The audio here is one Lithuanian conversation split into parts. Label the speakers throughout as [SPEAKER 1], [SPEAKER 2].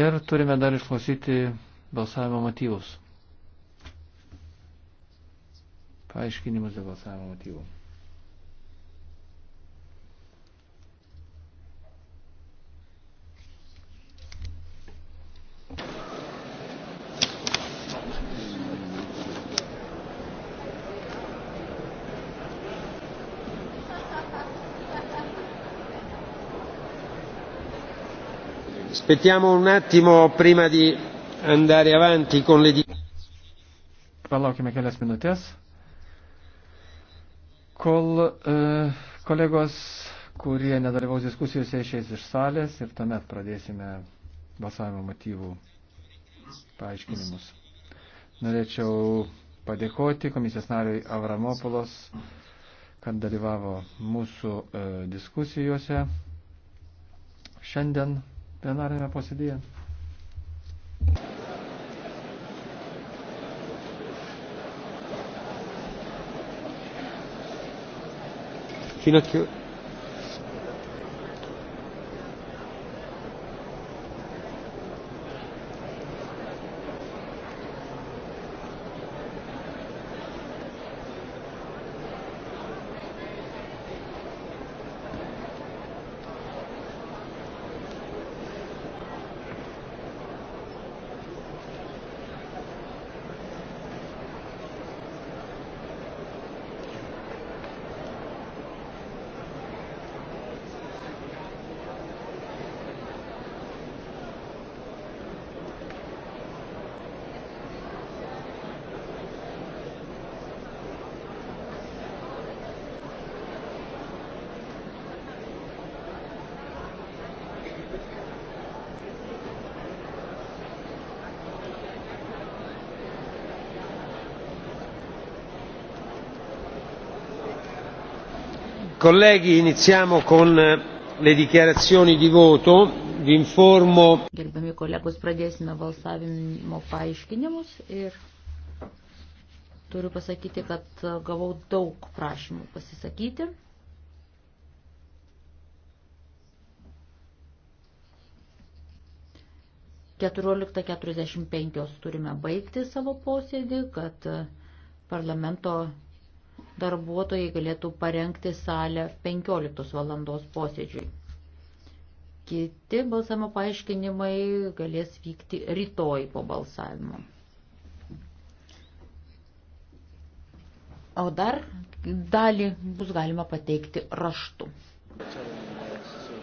[SPEAKER 1] Ir turime dar išklausyti balsavimo motyvus. Paaiškinimus dėl balsavimo motyvų.
[SPEAKER 2] Aspettiamo un attimo prima di andare avanti con le
[SPEAKER 1] Palaukime kelias minutės, kol e, kolegos, kurie nedalyvaus diskusijose, išeis iš salės ir tuomet pradėsime balsavimo motyvų paaiškinimus. Norėčiau padėkoti komisijos nariui Avramopolos, kad dalyvavo mūsų e, diskusijose šiandien plenarinėme posėdėje.
[SPEAKER 2] Fino a che Colleghi, iniziamo con eh, le dichiarazioni di voto. Vi informo.
[SPEAKER 3] Gerbiami kolegos, pradėsime balsavimo paaiškinimus ir turiu pasakyti, kad e, gavau daug prašymų pasisakyti. Keturioliktą keturiasdešimt penkios turime baigti savo posėdį, kad e, parlamento darbuotojai galėtų parengti salę 15 valandos posėdžiui. Kiti balsavimo paaiškinimai galės vykti rytoj po balsavimo. O dar dalį bus galima pateikti raštu.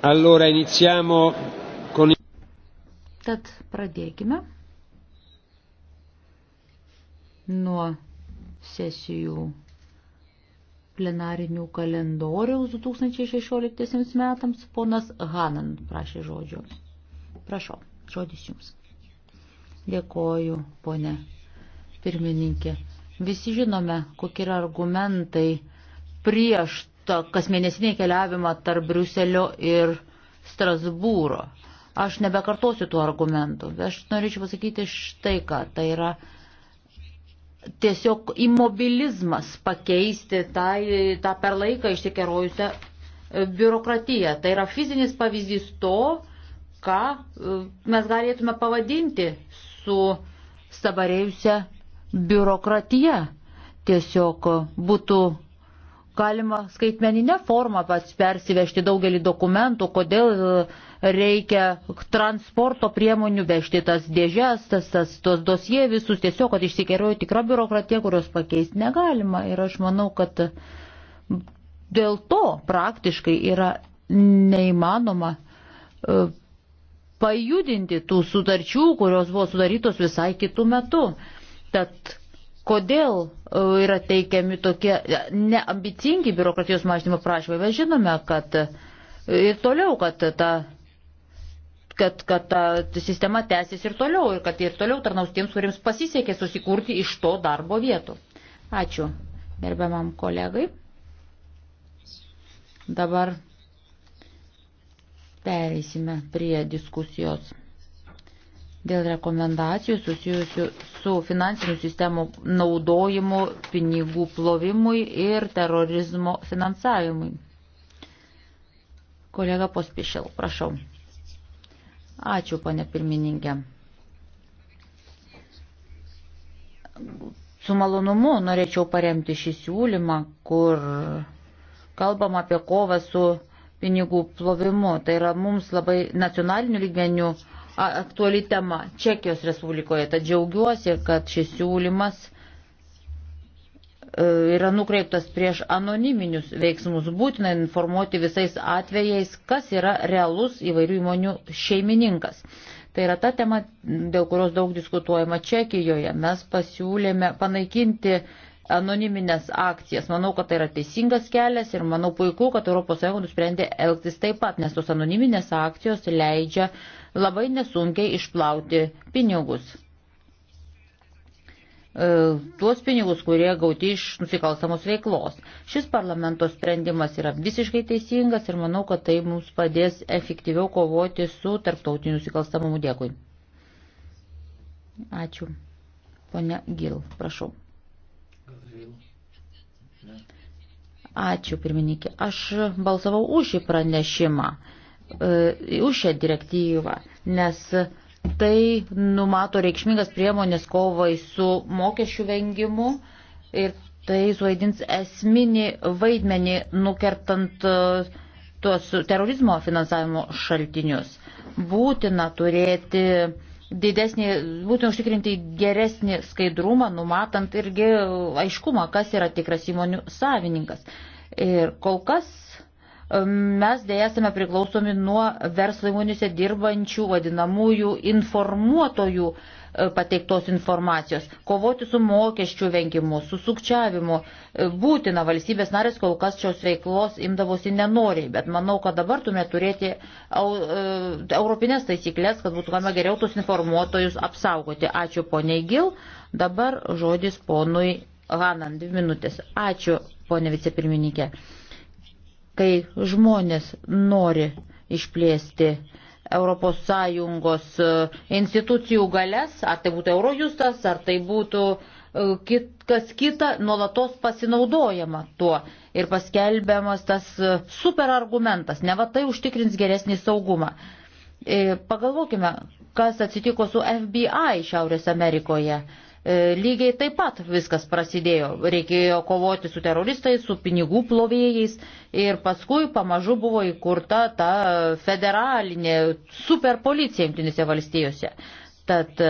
[SPEAKER 3] Allora, iniziamo con... Tad pradėkime nuo sesijų plenarinių kalendoriaus 2016 metams. Ponas Hanan prašė žodžio. Prašau, žodis jums. Dėkoju, ponė pirmininkė. Visi žinome, kokie yra argumentai prieš tą kasmėnesinį keliavimą tarp Briuselio ir Strasbūro. Aš nebekartosiu tų argumentų. Aš norėčiau pasakyti štai ką. Tai yra tiesiog imobilizmas pakeisti tą, tą per laiką išsikerojusią e, biurokratiją. Tai yra fizinis pavyzdys to, ką e, mes galėtume pavadinti su stabarėjusią biurokratiją. Tiesiog būtų Galima skaitmeninę formą pats persivežti daugelį dokumentų, kodėl e, reikia transporto priemonių vežti tas dėžes, tas, tas, tos dosie visus, tiesiog, kad išsikeriojo tikra biurokratija, kurios pakeisti negalima. Ir aš manau, kad dėl to praktiškai yra neįmanoma e, pajudinti tų sutarčių, kurios buvo sudarytos visai kitų metų. Tad kodėl e, yra teikiami tokie neambicingi biurokratijos mažinimo prašymai. Mes žinome, kad e, ir toliau, kad ta, kad, kad ta sistema tęsis ir toliau ir kad ir toliau tarnaus tiems, kuriems pasisekė susikurti iš to darbo vietų. Ačiū gerbiamam kolegai. Dabar pereisime prie diskusijos dėl rekomendacijų susijusių su finansinių sistemų naudojimu pinigų plovimui ir terorizmo finansavimui. Kolega Pospišil, prašau. Ačiū, pane pirmininkė. Su malonumu norėčiau paremti šį siūlymą, kur kalbam apie kovą su pinigų plovimu. Tai yra mums labai nacionalinių lygmenių uh, aktuali tema Čekijos Respublikoje. Tad džiaugiuosi, kad šis siūlymas e, yra nukreiptas prieš anoniminius veiksmus. Būtina informuoti visais atvejais, kas yra realus įvairių įmonių šeimininkas. Tai yra ta tema, dėl kurios daug diskutuojama Čekijoje. Mes pasiūlėme panaikinti anoniminės akcijas. Manau, kad tai yra teisingas kelias ir manau puiku, kad ES nusprendė elgtis taip pat, nes tos anoniminės akcijos leidžia uh, labai nesunkiai išplauti pinigus. E, tuos pinigus, kurie gauti iš nusikalstamos veiklos. Šis parlamento sprendimas yra visiškai teisingas ir manau, kad tai mums padės efektyviau kovoti su tarptautiniu nusikalstamumu. Dėkui. Ačiū. Pone Gil, prašau. Ačiū, pirmininkė. Aš balsavau už šį pranešimą E, už šią direktyvą, nes tai numato reikšmingas priemonės kovai su mokesčių vengimu ir tai suvaidins esminį vaidmenį nukertant e, tuos terorizmo finansavimo šaltinius. Būtina turėti didesnį, būtina užtikrinti geresnį skaidrumą, numatant irgi aiškumą, kas yra tikras įmonių savininkas. Ir kol kas mes dėja esame priklausomi nuo verslo įmonėse dirbančių vadinamųjų informuotojų e, pateiktos informacijos. Kovoti su mokesčių vengimu, su sukčiavimu e, būtina valstybės narės kol kas šios veiklos imdavosi nenoriai, bet manau, kad dabar turime turėti au, e, europinės taisyklės, kad būtų galima geriau tos informuotojus apsaugoti. Ačiū poniai Gil, dabar žodis ponui Hanan, dvi minutės. Ačiū, ponė vicepirmininkė kai žmonės nori išplėsti ES e, institucijų galės, ar tai būtų Eurojustas, ar tai būtų e, kit, kas kita, nuolatos pasinaudojama tuo ir paskelbiamas tas e, superargumentas, ne va tai užtikrins geresnį saugumą. Pagalvokime, kas atsitiko su FBI Šiaurės Amerikoje. E, lygiai taip pat viskas prasidėjo. Reikėjo kovoti su teroristais, su pinigų plovėjais ir paskui pamažu buvo įkurta ta federalinė superpolicija Junktinėse valstijose. Tad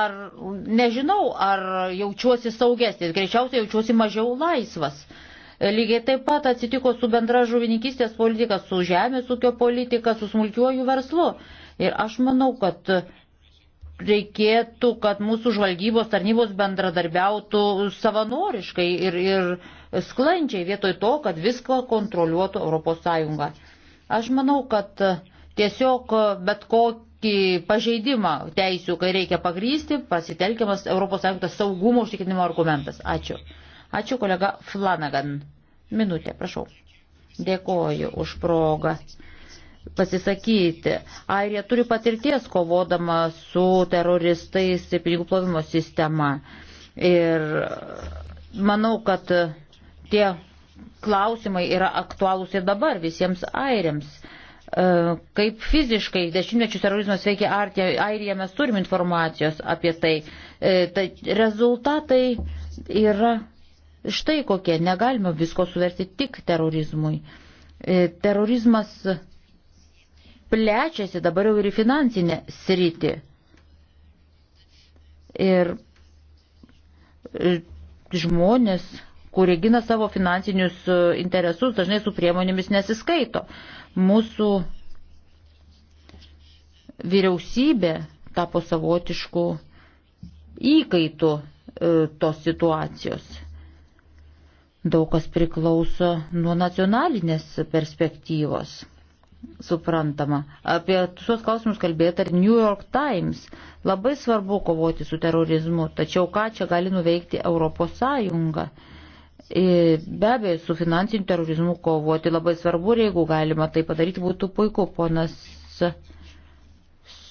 [SPEAKER 3] ar nežinau, ar jaučiuosi saugesnis, greičiausiai jaučiuosi mažiau laisvas. E, lygiai taip pat atsitiko su bendra žuvininkystės politika, su žemės ūkio politika, su smulkiuoju verslu. Ir aš manau, kad reikėtų, kad mūsų žvalgybos tarnybos bendradarbiautų savanoriškai ir, ir sklandžiai, vietoj to, kad viską kontroliuotų ES. Aš manau, kad tiesiog bet kokį pažeidimą teisų, kai reikia pagrysti, pasitelkiamas ES saugumo užtikrinimo argumentas. Ačiū. Ačiū kolega Flanagan. Minutė, prašau. Dėkoju už progą pasisakyti. Airija turi patirties kovodama su teroristais ir pinigų plovimo sistema. Ir manau, kad tie klausimai yra aktualūs ir dabar visiems airiams. E, kaip fiziškai dešimtmečių terorizmas veikia Airija, mes turim informacijos apie tai. E, tai rezultatai yra štai kokie. Negalime visko suversti tik terorizmui. E, terorizmas plečiasi dabar jau ir į finansinę sritį. Ir e, žmonės, kurie gina savo finansinius e, interesus, dažnai su priemonėmis nesiskaito. Mūsų vyriausybė tapo savotiškų įkaitų e, tos situacijos. Daug kas priklauso nuo nacionalinės perspektyvos suprantama. Apie šios klausimus kalbėjo ir New York Times. Labai svarbu kovoti su terorizmu, tačiau ką čia gali nuveikti Europos Sąjunga? E, be abejo, su finansiniu terorizmu kovoti labai svarbu ir jeigu galima tai padaryti, būtų puiku, ponas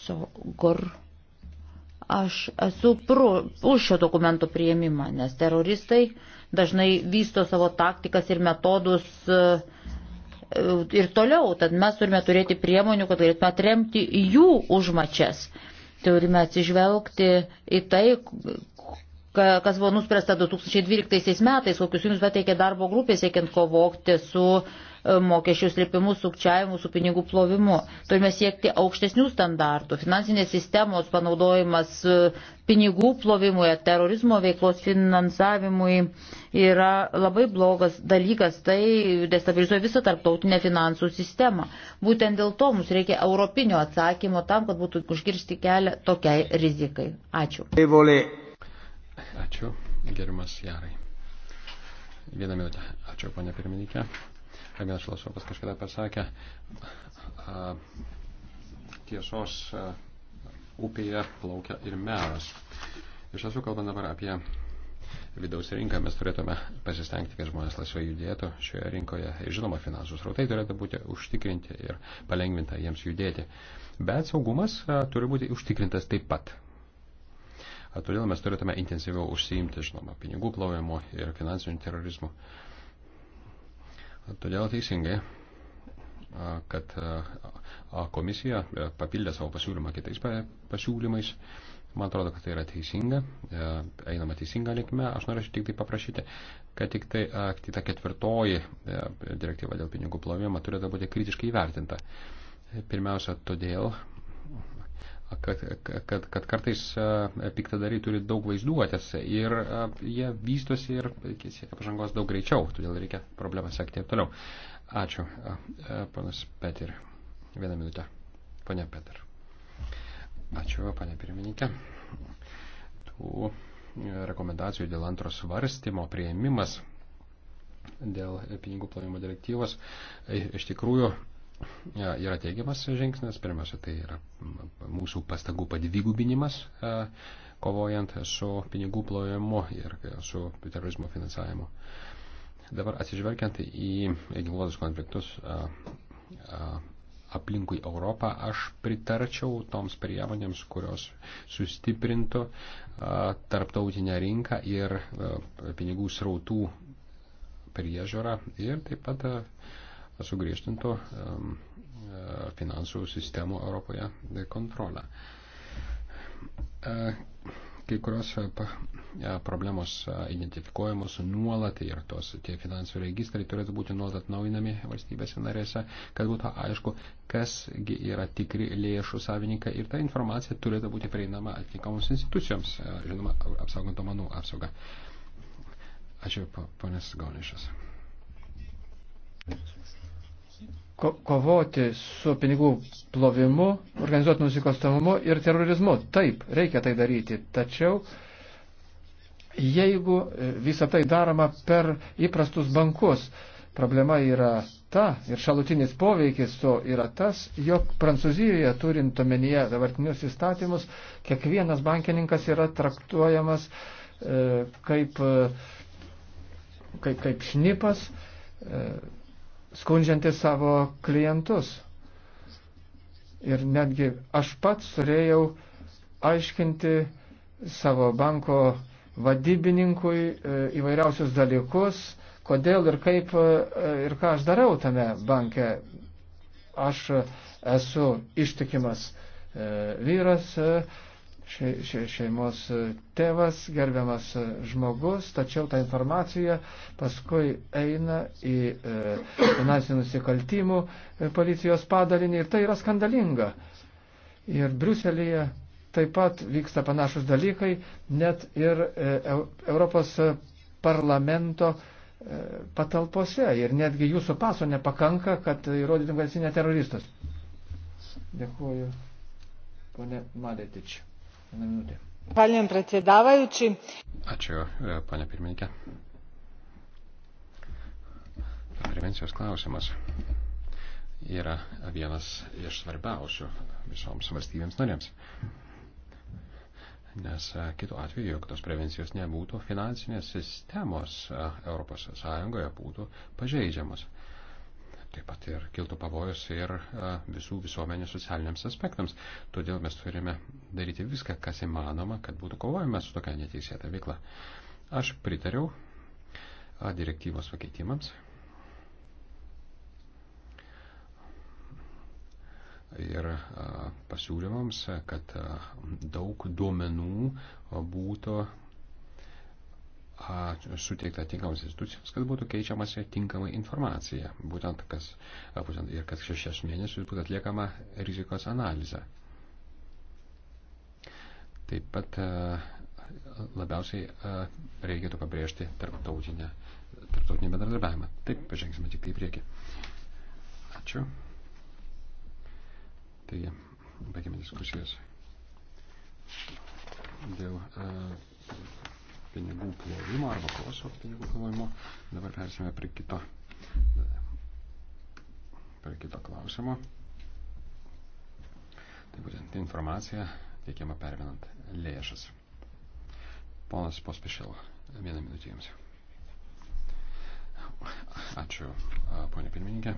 [SPEAKER 3] Sogor. Aš esu pru, už šio dokumento prieimimą, nes teroristai dažnai vysto savo taktikas ir metodus uh, ir toliau. Tad mes turime turėti priemonių, kad galėtume atremti jų užmačias. Turime atsižvelgti į tai, kas buvo nuspręsta 2012 metais, kokius jums pateikė darbo grupė siekiant kovokti su uh, mokesčių slėpimu, sukčiavimu, su pinigų plovimu. Turime siekti aukštesnių standartų. Finansinės sistemos panaudojimas e, pinigų plovimui, terorizmo veiklos finansavimui yra labai blogas dalykas. Tai destabilizuoja visą tarptautinę finansų sistemą. Būtent dėl to mums reikia europinio atsakymo tam, kad būtų užkirsti kelią tokiai rizikai. Ačiū. Ačiū,
[SPEAKER 2] gerimas Jarai. Vieną minutę. Ačiū, ponė pirmininkė. Hamilas Filosofas kažkada pasakė, a, tiesos a, upėje plaukia ir melas. Iš tiesų, kalbant dabar apie vidaus rinką, mes turėtume pasistengti, kad žmonės laisvai judėtų šioje rinkoje. Ir žinoma, finansų srautai turėtų būti užtikrinti ir palengvinta jiems judėti. Bet saugumas a, turi būti užtikrintas taip pat. A, todėl mes turėtume intensyviau užsiimti, žinoma, pinigų plovimu ir finansiniu terorizmu. A, Todėl teisingai, kad komisija e, papildė savo pasiūlymą kitais pasiūlymais. Man atrodo, kad tai yra teisinga, e, einama teisinga linkme. Aš norėčiau tik tai paprašyti, kad tik tai ta ketvirtoji e, direktyva dėl pinigų plovimo turėtų būti kritiškai įvertinta. Pirmiausia, todėl, kad, kad, kad kartais piktadariai turi daug vaizduotės ir jie vystosi ir siekia pažangos daug greičiau, todėl reikia problemą sekti ir toliau. Ačiū, panas Petir. Vieną minutę. Pane Petir. Ačiū, pane pirmininkė. Tų e, rekomendacijų dėl antros svarstymo prieimimas dėl pinigų plovimo direktyvos e, iš tikrųjų yra teigiamas žingsnis. Pirmiausia, tai yra mūsų pastangų padvigubinimas e, kovojant su pinigų plojimu ir su terorizmo finansavimu. Dabar atsižvelgiant į ginkluotus konfliktus e, e, aplinkui Europą, aš pritarčiau toms priemonėms, kurios sustiprintų tarptautinę rinką ir pinigų srautų priežiūrą ir taip pat sugriežtintų e, finansų sistemų Europoje kontrolę. E, kai kurios e, problemos identifikuojamos nuolat ir tai tos tie finansų registrai turėtų būti nuolat naujinami valstybėse narėse, kad būtų aišku, kasgi yra tikri lėšų savininkai ir ta informacija turėtų būti prieinama atitinkamoms institucijoms, žinoma, apsaugant domenų apsaugą. Ačiū, ponės Gaunišas.
[SPEAKER 1] Thank you ko kovoti su pinigų plovimu, organizuotų nusikalstamumu ir terorizmu. Taip, reikia tai daryti. Tačiau jeigu e, visą tai daroma per įprastus bankus, problema yra ta ir šalutinis poveikis to yra tas, jog Prancūzijoje turint omenyje dabartinius įstatymus, kiekvienas bankininkas yra traktuojamas e, kaip, e, kaip, kaip šnipas. E, skundžianti savo klientus. Ir netgi aš pats turėjau aiškinti savo banko vadybininkui e, įvairiausius dalykus, kodėl ir kaip e, ir ką aš darau tame banke. Aš esu ištikimas e, vyras, še, še, šeimos tėvas, gerbiamas žmogus, tačiau ta informacija paskui eina į e, finansinių nusikaltimų e, policijos padalinį ir tai yra skandalinga. Ir Briuselėje taip pat vyksta panašus dalykai, net ir e, Europos parlamento e, patalpose ir netgi jūsų paso nepakanka, kad įrodytum, kad esi ne teroristas. Dėkuoju, ponė Maletičiu. Vieną minutę.
[SPEAKER 4] Valim prasėdavaujučiai.
[SPEAKER 2] Ačiū, e, ponė pirmininkė. Prevencijos klausimas yra vienas iš svarbiausių visoms valstybėms norėms. Nes e, kitu atveju, jog tos prevencijos nebūtų, finansinės sistemos ES būtų pažeidžiamos taip pat ir kiltų pavojus ir e, visų visuomenės socialiniams aspektams. Todėl mes turime daryti viską, kas įmanoma, kad būtų kovojama su tokia neteisėta veikla. Aš pritariau e, direktyvos pakeitimams. Ir e, pasiūlymams, kad daug duomenų būtų suteikta tinkamas institucijams, kad būtų keičiamasi tinkama informacija, būtent, kas, būtent ir kad šešias mėnesius būtų atliekama rizikos analizė. Taip pat labiausiai reikėtų pabrėžti tarptautinę, tarptautinį bendradarbiavimą. Taip, pažengsime tik į priekį. Ačiū. Taigi, baigėme diskusijas dėl uh, pinigų plovimo arba kosov pinigų plovimo. Dabar persime prie kito, prie kito klausimo. Tai būtent informacija teikiama pervinant lėšas. Ponas Pospišėl, vieną minutę jums. Ačiū, ponė pirmininkė.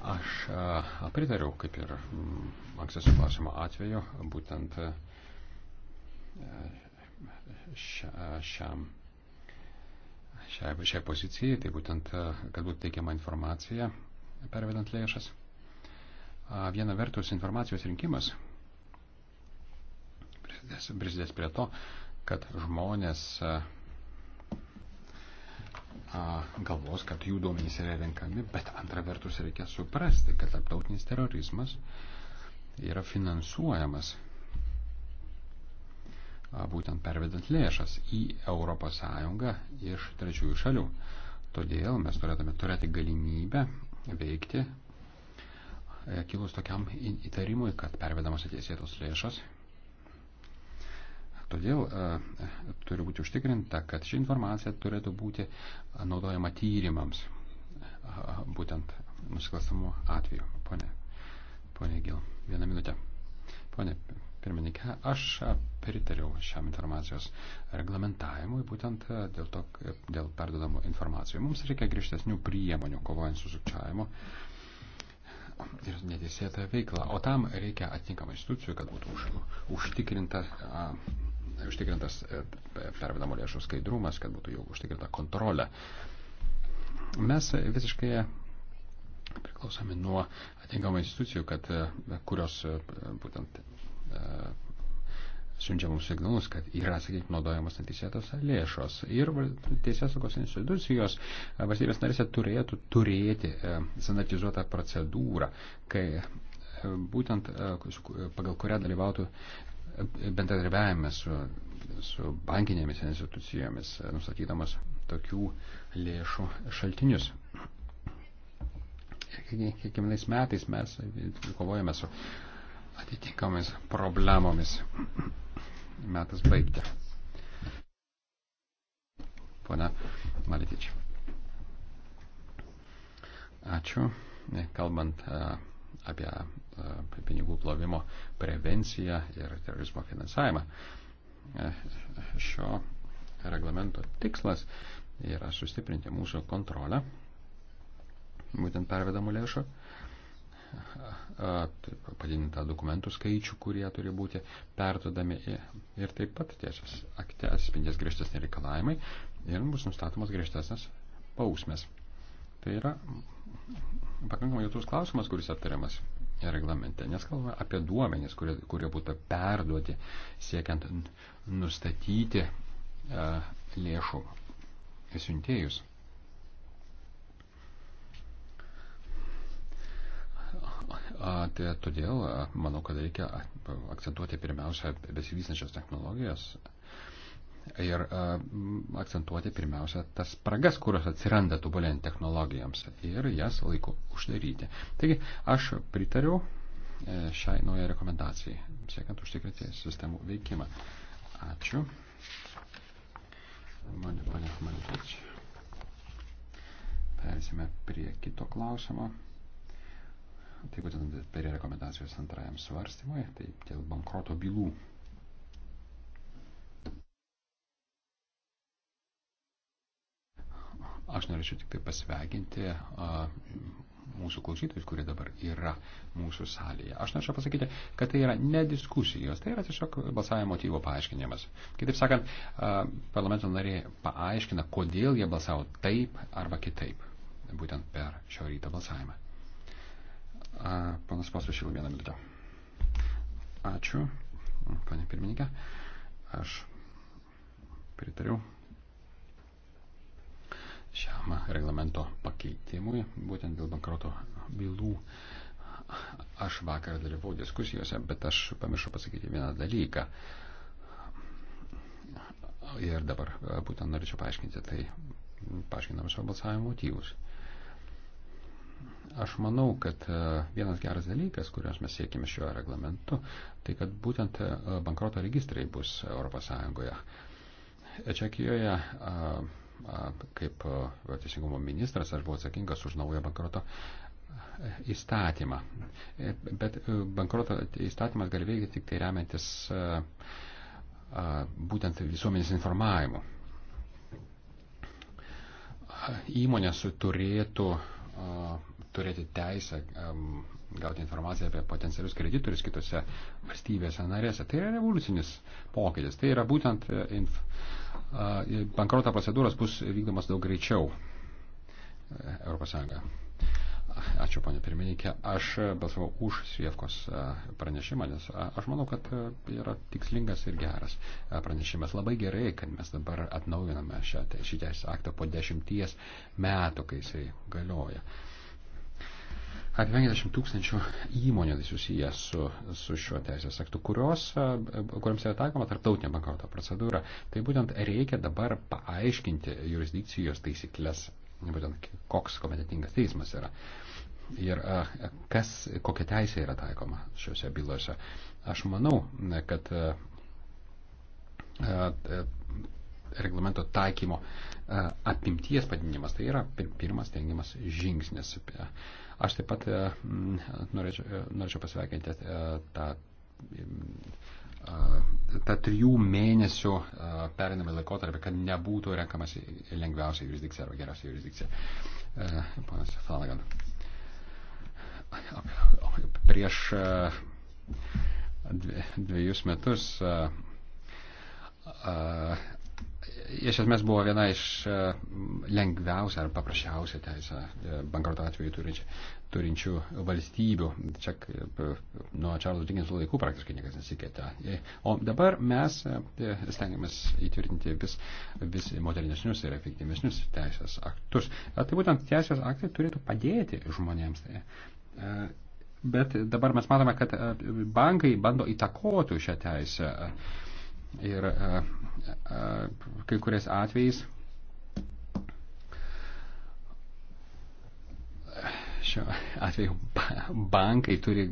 [SPEAKER 2] Aš e, pritariau, kaip ir mm, ankstesnio klausimo atveju, būtent e, e, šiam, šiai, šiai pozicijai, tai būtent, kad būtų teikiama informacija pervedant lėšas. Viena vertus informacijos rinkimas prisidės, prisidės prie to, kad žmonės galvos, kad jų duomenys yra renkami, bet antra vertus reikia suprasti, kad tarptautinis terorizmas yra finansuojamas būtent pervedant lėšas į ES iš trečiųjų šalių. Todėl mes turėtume turėti galimybę veikti e, kilus tokiam įtarimui, kad pervedamos atėsėtos lėšas Todėl e, turi būti užtikrinta, kad ši informacija turėtų būti naudojama tyrimams, būtent nusikalstamų atveju. Pone, pone Gil, vieną minutę. Pone pirmininkė, aš pritariau šiam informacijos reglamentavimui, būtent dėl, to, e, dėl perdodamų informacijų. Mums reikia grįžtesnių priemonių kovojant su sukčiavimu ir neteisėta veikla, o tam reikia atitinkamų institucijų, kad būtų už, užtikrinta a, užtikrintas e, pervedamo lėšų skaidrumas, kad būtų jau užtikrinta kontrolė. Mes visiškai priklausomi nuo atinkamų institucijų, kad, e, kurios e, būtent siunčia mums signalus, kad yra, sakykime, naudojamas neteisėtos lėšos. Ir teisėsaugos institucijos valstybės narėse turėtų turėti standartizuotą procedūrą, kai būtent pagal kurią dalyvautų bendradarbiavime su, su bankinėmis institucijomis, nustatydamas tokių lėšų šaltinius. Kiekvienais metais mes kovojame su atitinkamomis problemomis. Metas baigti. Pone Malitič. Ačiū. Kalbant apie E, pinigų plovimo prevenciją ir terorizmo finansavimą. E, šio reglamento tikslas yra sustiprinti mūsų kontrolę, būtent pervedamų lėšų, e, padidinti tą dokumentų skaičių, kurie turi būti pertodami ir taip pat tiesias akte atspindės griežtesni reikalavimai ir bus nustatomos griežtesnės bausmės. Tai yra pakankamai jautrus klausimas, kuris aptariamas reglamente, nes kalbame apie duomenys, kurie, kurie būtų perduoti siekiant nustatyti e, lėšų siuntėjus. A, tai todėl e, manau, kad reikia akcentuoti pirmiausia besivystančias technologijas, a, ir e, akcentuoti pirmiausia tas spragas, kurios atsiranda tobulėjant technologijoms ir jas laiku uždaryti. Taigi aš pritariu e, šiai naujai rekomendacijai, siekiant užtikrinti sistemų veikimą. Ačiū. Mane, mane, mane, Persime prie kito klausimo. Tai būtent prie rekomendacijos antrajam svarstymui, tai dėl bankroto bylų Aš norėčiau tik tai pasveikinti mūsų klausytojus, kurie dabar yra mūsų salėje. Aš norėčiau pasakyti, kad tai yra ne diskusijos, tai yra tiesiog balsavimo motyvo paaiškinimas. Kitaip sakant, parlamento nariai paaiškina, kodėl jie balsavo taip arba kitaip, būtent per šio ryto balsavimą. Panas Pasušil, vieną minutę. Ačiū, panė pirmininkė. Aš pritariu šiam reglamento pakeitimui, būtent dėl bankroto bylų. Aš vakar dalyvau diskusijose, bet aš pamiršau pasakyti vieną dalyką. Ir dabar e, būtent norėčiau paaiškinti tai, paaiškinam savo balsavimo motyvus. Aš manau, kad e, vienas geras dalykas, kurios mes siekime šiuo reglamentu, tai kad būtent e, bankroto registrai bus ES. Čekijoje kaip teisingumo ministras, aš buvau atsakingas už naują bankroto įstatymą. E, bet e, bankroto įstatymas gali veikti tik tai remiantis e, būtent visuomenės informavimu. Įmonės turėtų turėti teisę gauti informaciją apie potencialius kreditorius kitose valstybėse narėse. Tai yra revoliucinis pokytis. Tai yra būtent inf bankroto procedūros bus vykdomas daug greičiau ES. Ačiū, ponė pirmininkė. Aš balsavau už Svievkos e, pranešimą, nes aš manau, kad e, yra tikslingas ir geras e, pranešimas. Labai gerai, kad mes dabar atnaujiname šį teisės aktą po dešimties metų, kai jisai galioja. Apie 50 tūkstančių įmonių tai susijęs su, su šiuo teisės aktu, kurios, kuriams yra taikoma tarptautinė bankroto procedūra. Tai būtent reikia dabar paaiškinti jurisdikcijos taisyklės, būtent koks kompetentingas teismas yra. Ir kas, kokia teisė yra taikoma šiuose bylose. Aš manau, kad reglamento taikymo apimties padinimas tai yra pirmas tengiamas žingsnis. Apie, Aš taip pat e, norėčiau, e, norėčiau pasveikinti e, tą, tą trijų mėnesių perinamą laikotarpį, kad nebūtų renkamas lengviausia jurisdikcija arba geriausia jurisdikcija. Ponas Flanagan. Prieš dviejus metus iš esmės buvo viena iš e, lengviausia ar paprasčiausia teisė e, bankroto atveju turinčių, turinčių valstybių. Čia e, nuo Čarlzo Dickinso laikų praktiškai niekas nesikeitė. O dabar mes stengiamės įtvirtinti vis, vis modernesnius ir efektyvesnius teisės aktus. Tai būtent teisės aktai turėtų padėti žmonėms. Bet dabar mes matome, kad bankai bando įtakoti šią teisę. Ir kai kuriais atvejais šiuo atveju bankai turi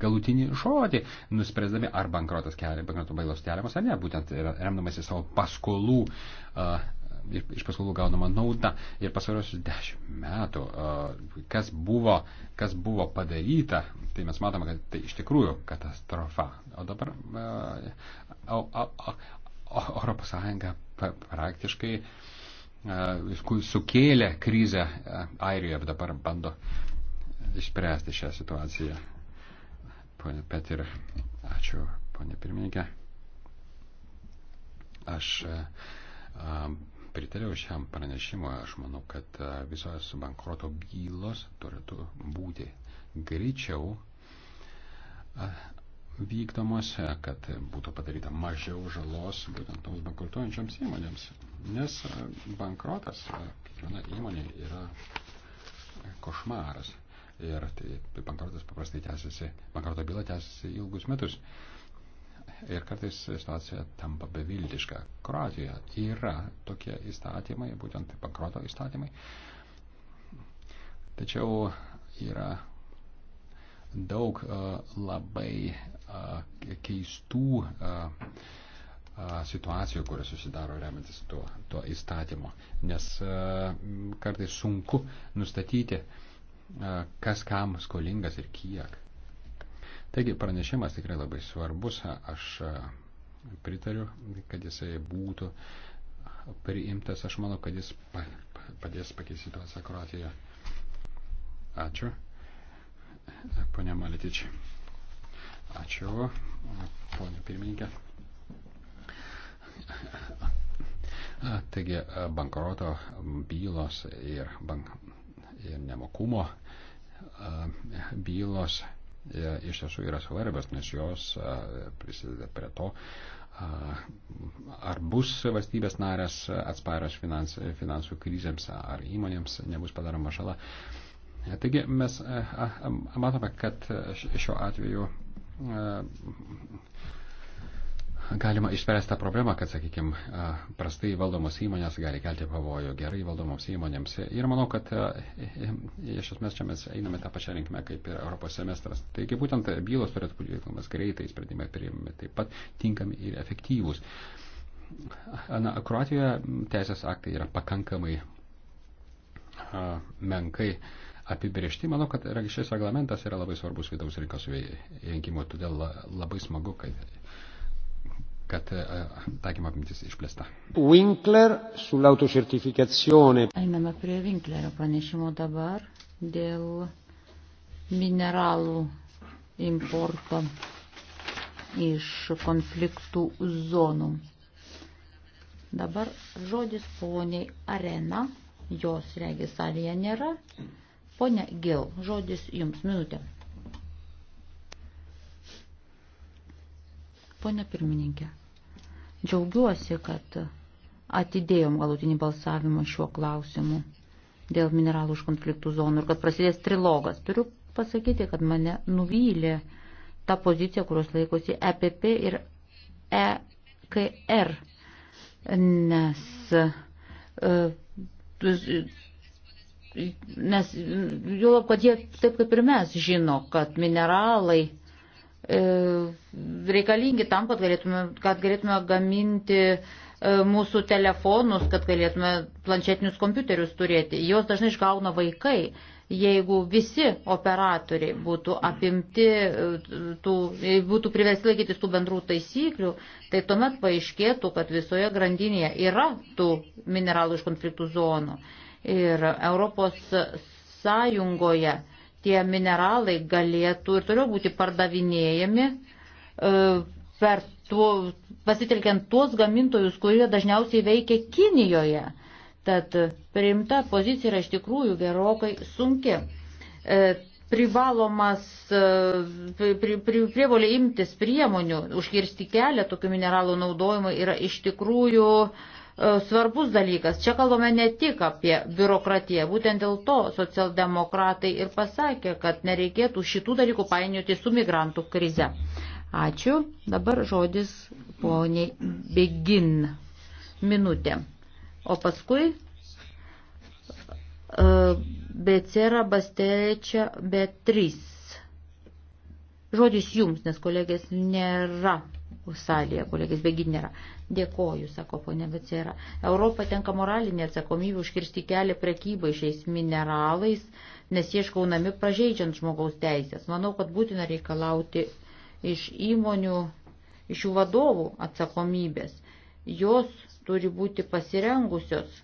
[SPEAKER 2] galutinį žodį, nuspręsdami ar bankrotas kelia, bankroto bailos keliamas ar ne, būtent remdamasi savo paskolų, uh, iš paskolų gaunama nauda ir pasvarosius dešimt metų, uh, kas buvo, kas buvo padaryta, tai mes matome, kad tai iš tikrųjų katastrofa. O dabar uh, Europos Sąjunga praktiškai e, sukėlė krizę e, Airijoje, bet dabar bando išspręsti šią situaciją. Pone Petir, ačiū, pone pirmininkė. Aš e, pritariau šiam pranešimui, aš manau, kad visos bankroto bylos turėtų būti greičiau vykdomos, kad būtų padaryta mažiau žalos būtent toms bankrutuojančioms įmonėms. Nes e, bankrotas e, kiekviena įmonė yra košmaras. Ir tai, tai bankrotas paprastai tęsiasi, bankroto byla tęsiasi ilgus metus. Ir kartais situacija tampa beviltiška. Kroatijoje yra tokie įstatymai, būtent bankroto įstatymai. Tačiau yra daug e, labai keistų situacijų, kurios susidaro remiantis tuo, tuo įstatymu. Nes kartais sunku nustatyti, kas kam skolingas ir kiek. Taigi pranešimas tikrai labai svarbus. Aš pritariu, kad jisai būtų priimtas. Aš manau, kad jis padės pakeisti situaciją Kroatijoje. Ačiū. Pone Malitičiai. Ačiū, ponė pirmininkė. Taigi, bankroto bylos ir, bank, ir nemokumo bylos e, iš tiesų yra svarbios, nes jos prisideda prie to, ar bus valstybės narės atsparios finans, finansų krizėms, ar įmonėms nebus padaroma žala. Taigi mes matome, kad šiuo atveju E, galima išspręsti tą problemą, kad, sakykime, prastai valdomos įmonės gali kelti pavojų gerai valdomoms įmonėms. Ir manau, kad e, e, iš esmės čia mes einame tą pačią linkmę kaip ir Europos semestras. Taigi būtent bylos turėtų būti vykdomas greitai, sprendimai priimami taip pat tinkami ir efektyvūs. Na, Kroatijoje teisės aktai yra pakankamai menkai. Uh, apibriežti. Manau, kad šis reglamentas yra labai svarbus vidaus rinkos veikimui, todėl labai smagu, kad, kad e, taikymo apimtis išplėsta. Winkler sull'autocertificazione.
[SPEAKER 3] Einame prie Winklerio pranešimo dabar dėl mineralų importo iš konfliktų zonų. Dabar žodis poniai arena, jos regisalėje nėra. Pone Gil, žodis jums minutė. Pone pirmininkė, džiaugiuosi, kad atidėjom galutinį balsavimą šiuo klausimu dėl mineralų iš konfliktų zonų ir kad prasidės trilogas. Turiu pasakyti, kad mane nuvylė ta pozicija, kurios laikosi EPP ir EKR, nes e, Nes jau, kad jie, taip kaip ir mes, žino, kad mineralai e, reikalingi tam, kad galėtume, kad galėtume gaminti e, mūsų telefonus, kad galėtume planšetinius kompiuterius turėti. Jos dažnai išgauna vaikai. Jeigu visi operatoriai būtų apimti, e, tų, būtų priversti laikytis tų bendrų taisyklių, tai tuomet paaiškėtų, kad visoje grandinėje yra tų mineralų iš konfliktų zonų. E, Ir Europos Sąjungoje tie mineralai galėtų ir toliau būti pardavinėjami e, per tuo, pasitelkiant tuos gamintojus, kurie dažniausiai veikia Kinijoje. Tad priimta pozicija yra iš tikrųjų gerokai sunki. E, privalomas e, pri, pri, prievolė imtis priemonių, užkirsti kelią tokių mineralų naudojimui yra iš tikrųjų uh, E, svarbus dalykas. Čia kalbame ne tik apie biurokratiją. Būtent dėl to socialdemokratai ir pasakė, kad nereikėtų šitų dalykų painioti su migrantų krize. Ačiū. Dabar žodis poniai Begin. Minutė. O paskui. Uh, Becera Bastečia Betris. Žodis jums, nes kolegės nėra salėje, kolegės Begin nėra. Uh, Dėkoju, sako ponė Becera. Europą tenka moralinė atsakomybė užkirsti kelią prekybai šiais mineralais, nes jie iškaunami pažeidžiant žmogaus teisės. Manau, kad būtina reikalauti iš įmonių, iš jų vadovų atsakomybės. Jos turi būti pasirengusios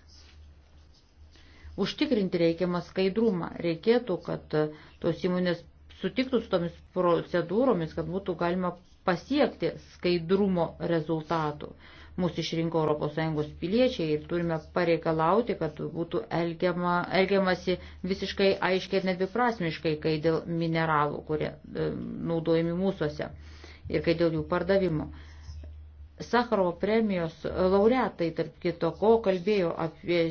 [SPEAKER 3] užtikrinti reikiamą skaidrumą. Reikėtų, kad tos įmonės sutiktų su tomis procedūromis, kad būtų galima pasiekti skaidrumo rezultatų. Mūsų išrinko ES piliečiai ir turime pareikalauti, kad būtų elgiama, elgiamasi visiškai aiškiai ir nedviprasmiškai, kai dėl mineralų, kurie e, naudojami mūsųse ir kai dėl jų pardavimo. Sakarovo premijos laureatai, tarp kito ko, kalbėjo apie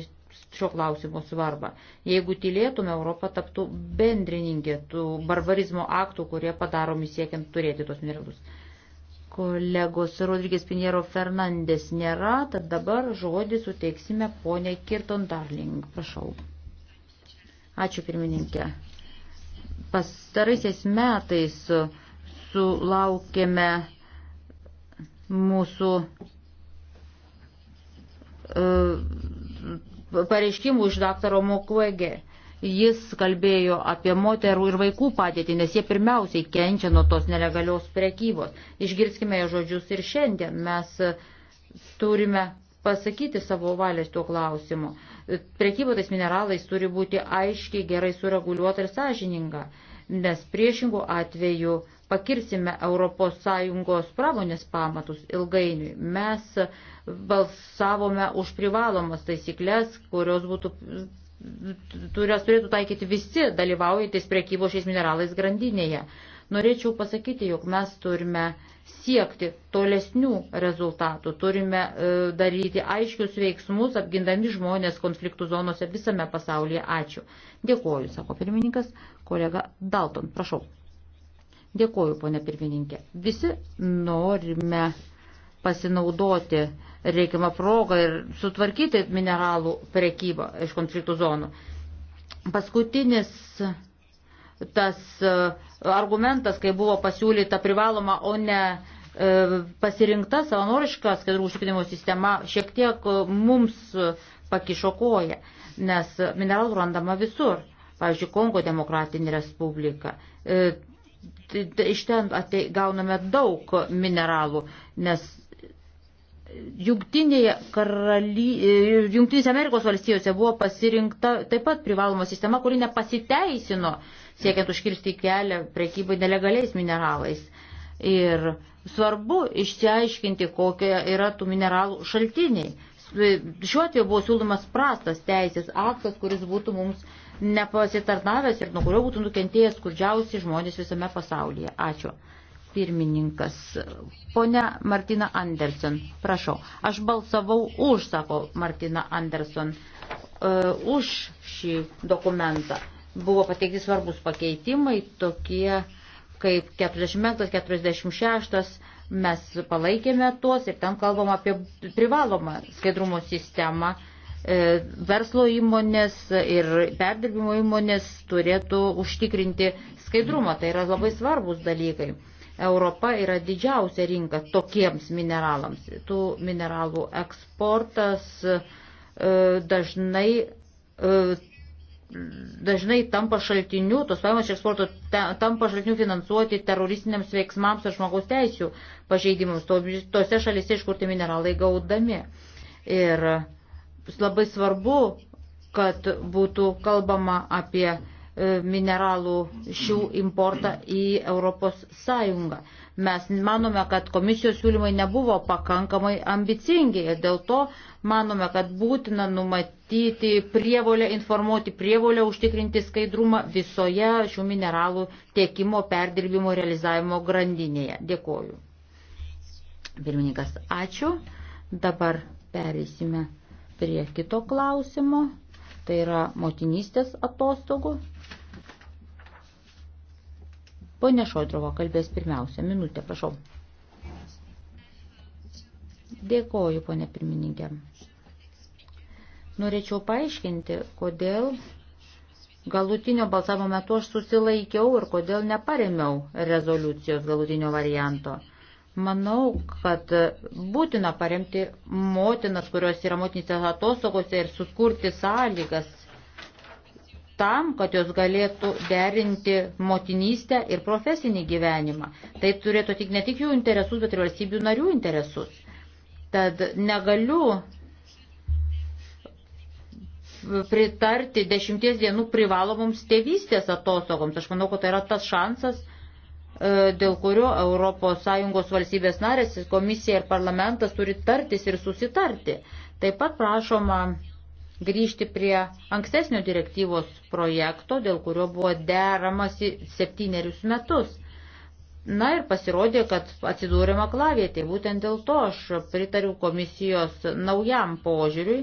[SPEAKER 3] šio klausimo svarbą. Jeigu tylėtume, Europa taptų bendrininkė tų barbarizmo aktų, kurie padaromi siekiant turėti tos mineralus. Kolegos Rodrygės Piniero Fernandės nėra, tad dabar žodį suteiksime poniai Kirton Darling. Prašau. Ačiū pirmininkė. Pastaraisiais metais sulaukėme mūsų e, pareiškimų iš daktaro Mukwege. Jis kalbėjo apie moterų ir vaikų padėtį, nes jie pirmiausiai kenčia nuo tos nelegalios prekybos. Išgirskime jo žodžius ir šiandien. Mes turime pasakyti savo valias tuo klausimu. Prekyba tais mineralais turi būti aiškiai, gerai sureguliuota ir sąžininga, nes priešingų atveju pakirsime ES pramonės pamatus ilgainiui. Mes balsavome už privalomas taisyklės, kurios būtų kurias turėtų taikyti visi dalyvaujantis priekybo šiais mineralais grandinėje. Norėčiau pasakyti, jog mes turime siekti tolesnių rezultatų, turime e, daryti aiškius veiksmus, apgindami žmonės konfliktų zonose visame pasaulyje. Ačiū. Dėkuoju, sako pirmininkas, kolega Dalton. Prašau. Dėkuoju, ponė pirmininkė. Visi norime pasinaudoti reikiamą progą ir sutvarkyti mineralų prekybą iš konfliktų zonų. Paskutinis tas e, argumentas, kai buvo pasiūlyta privaloma, o ne e, pasirinkta savanoriška skaidrų užtikrinimo sistema, šiek tiek e, mums pakišo koją, nes mineralų randama visur. Pavyzdžiui, Kongo demokratinė respublika iš ten atei, gauname daug mineralų, nes Jungtinėje karaly... Jungtinėse Amerikos valstijose buvo pasirinkta taip pat privaloma sistema, kuri nepasiteisino siekiant užkirsti kelią prekybai nelegaliais mineralais. Ir svarbu išsiaiškinti, kokie yra tų mineralų šaltiniai. Šiuo atveju buvo siūlomas prastas teisės aktas, kuris būtų mums nepasitarnavęs ir nuo kurio būtų nukentėjęs skurdžiausi žmonės visame pasaulyje. Ačiū pirmininkas. Pone Martina Anderson, prašau. Aš balsavau už, sako Martina Anderson, e, už šį dokumentą. Buvo pateikti svarbus pakeitimai, tokie kaip 45, 46, mes palaikėme tuos ir ten kalbam apie privalomą skaidrumo sistemą. E, verslo įmonės ir perdirbimo įmonės turėtų užtikrinti skaidrumą, tai yra labai svarbus dalykai. Europa yra didžiausia rinka tokiems mineralams. Tų mineralų eksportas e, dažnai, e, dažnai tampa šaltiniu, tos pajamos iš eksporto tampa šaltiniu finansuoti teroristiniams veiksmams ir žmogaus teisų pažeidimams to, tose šalise, iš kur tie mineralai gaudami. Ir labai svarbu, kad būtų kalbama apie E, mineralų šių importą į Europos Sąjungą. Mes manome, kad komisijos siūlymai nebuvo pakankamai ambicingi ir dėl to manome, kad būtina numatyti prievolę informuoti, prievolę užtikrinti skaidrumą visoje šių mineralų tiekimo, perdirbimo, realizavimo grandinėje. Dėkoju. Pirmininkas, ačiū. Dabar perėsime prie kito klausimo. Tai yra motinystės atostogų. Pone Šoidrova kalbės pirmiausia. Minutė, prašau. Dėkoju, ponė pirmininkė. Norėčiau paaiškinti, kodėl galutinio balsavimo metu aš susilaikiau ir kodėl neparemiau rezoliucijos galutinio varianto. Manau, kad būtina paremti motinas, kurios yra motinysės atostogose ir suskurti sąlygas tam, kad jos galėtų derinti motinystę ir profesinį gyvenimą. Tai turėtų tik ne tik jų interesus, bet ir valstybių narių interesus. Tad negaliu pritarti dešimties dienų privalomoms tėvystės atostogoms. Aš manau, kad tai yra tas šansas, E, dėl kurio ES valstybės narės, komisija ir parlamentas turi tartis ir susitarti. Taip pat prašoma grįžti prie ankstesnio direktyvos projekto, dėl kurio buvo deramasi septynerius metus. Na ir pasirodė, kad atsidūrėma klavietė. Būtent dėl to aš pritariu komisijos naujam požiūriui.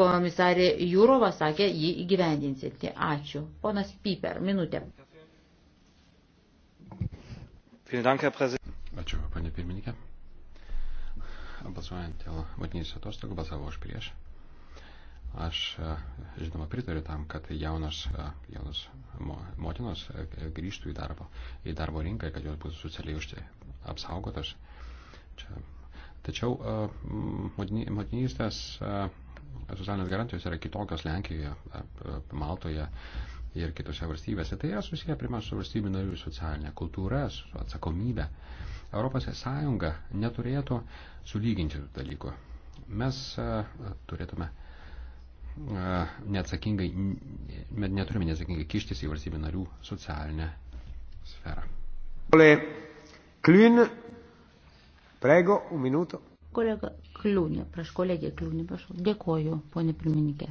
[SPEAKER 3] Komisarė Jūrova sakė, jį įgyvendinsit. Ačiū. Ponas Piper, minutė.
[SPEAKER 2] Ačiū, panė pirmininkė. Balsuojant dėl vadinys atostogų, balsavau už prieš. Aš, žinoma, pritariu tam, kad jaunos, jaunos motinos e, e, grįžtų į darbo, į darbo rinką, kad jos būtų socialiai užtai apsaugotas. Čia. Tačiau e, motinystės socialinės garantijos yra kitokios Lenkijoje, Maltoje, ir kitose valstybėse. Tai yra susiję pirmiausia su valstybių narių socialinė kultūra, su atsakomybė. Europos Sąjunga neturėtų sulyginti tų dalykų. Mes turėtume neatsakingai, neturime neatsakingai kištis į valstybių narių socialinę sferą. Kliūn, prego, un minuto.
[SPEAKER 3] Kolega Kliūnė, prieš kolegiją Kliūnė, prašau. Dėkoju, ponė pirmininkė.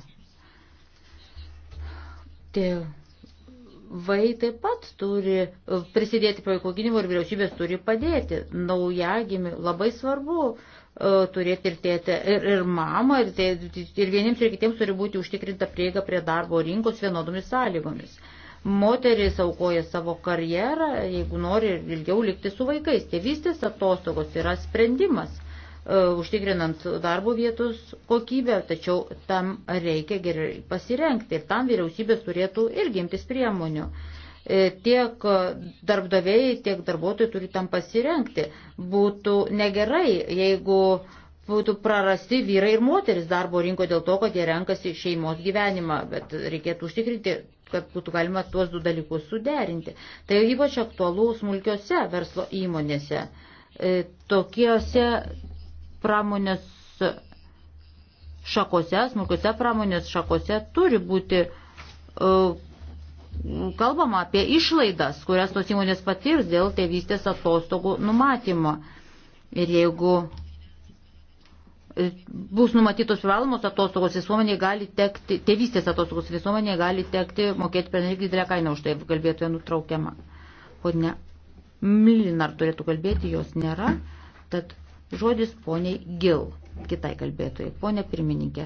[SPEAKER 3] Tėvai taip pat turi e, prisidėti prie vaiko gynimo ir vyriausybės turi padėti. Naujagimi labai svarbu e, turėti ir tėtę, ir, ir mamą, ir, tėtė, ir vieniems ir kitiems turi būti užtikrinta prieiga prie darbo rinkos vienodomis sąlygomis. Moteris aukoja savo karjerą, jeigu nori ilgiau likti su vaikais. Tėvystės atostogos yra sprendimas E, užtikrinant darbo vietos kokybę, tačiau tam reikia gerai pasirenkti ir tam vyriausybės turėtų irgi imtis priemonių. E, tiek darbdaviai, tiek darbuotojai turi tam pasirenkti. Būtų negerai, jeigu būtų prarasti vyrai ir moteris darbo rinko dėl to, kad jie renkasi šeimos gyvenimą, bet reikėtų užtikrinti, kad būtų galima tuos du dalykus suderinti. Tai ypač aktualu smulkiose verslo įmonėse. E, tokiose pramonės šakose, smulkiose pramonės šakose turi būti uh, kalbama apie išlaidas, kurias tos įmonės patirs dėl tėvystės atostogų numatymo. Ir jeigu e, bus numatytos privalomos atostogos visuomeniai gali tekti, tėvystės atostogos visuomeniai gali tekti mokėti per nelik didelę kainą, už tai kalbėtoje nutraukiama. Ponia Milinar turėtų kalbėti, jos nėra, tad Žodis poniai Gil, kitai kalbėtojai. Pone pirmininkė,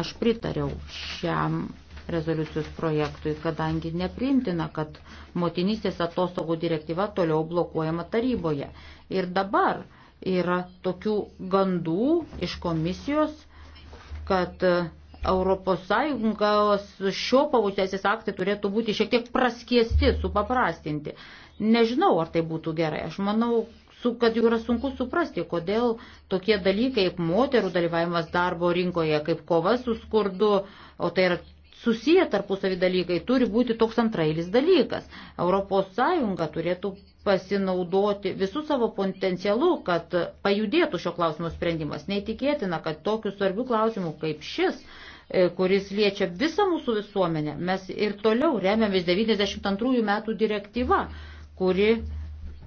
[SPEAKER 3] aš pritariau šiam rezoliucijos projektui, kadangi nepriimtina, kad motinystės atostogų direktyva toliau blokuojama taryboje. Ir dabar yra tokių gandų iš komisijos, kad ES šio pavusiasis aktai turėtų būti šiek tiek praskiesti, supaprastinti. Nežinau, ar tai būtų gerai. Aš manau, su, kad jau yra sunku suprasti, kodėl tokie dalykai kaip moterų dalyvavimas darbo rinkoje, kaip kova su skurdu, o tai yra susiję tarpusavį dalykai, turi būti toks antrailis dalykas. ES turėtų pasinaudoti visų savo potencialų, kad pajudėtų šio klausimo sprendimas. Neįtikėtina, kad tokių svarbių klausimų kaip šis e, kuris liečia visą mūsų visuomenę, mes ir toliau remiamės 92 metų direktyva, kuri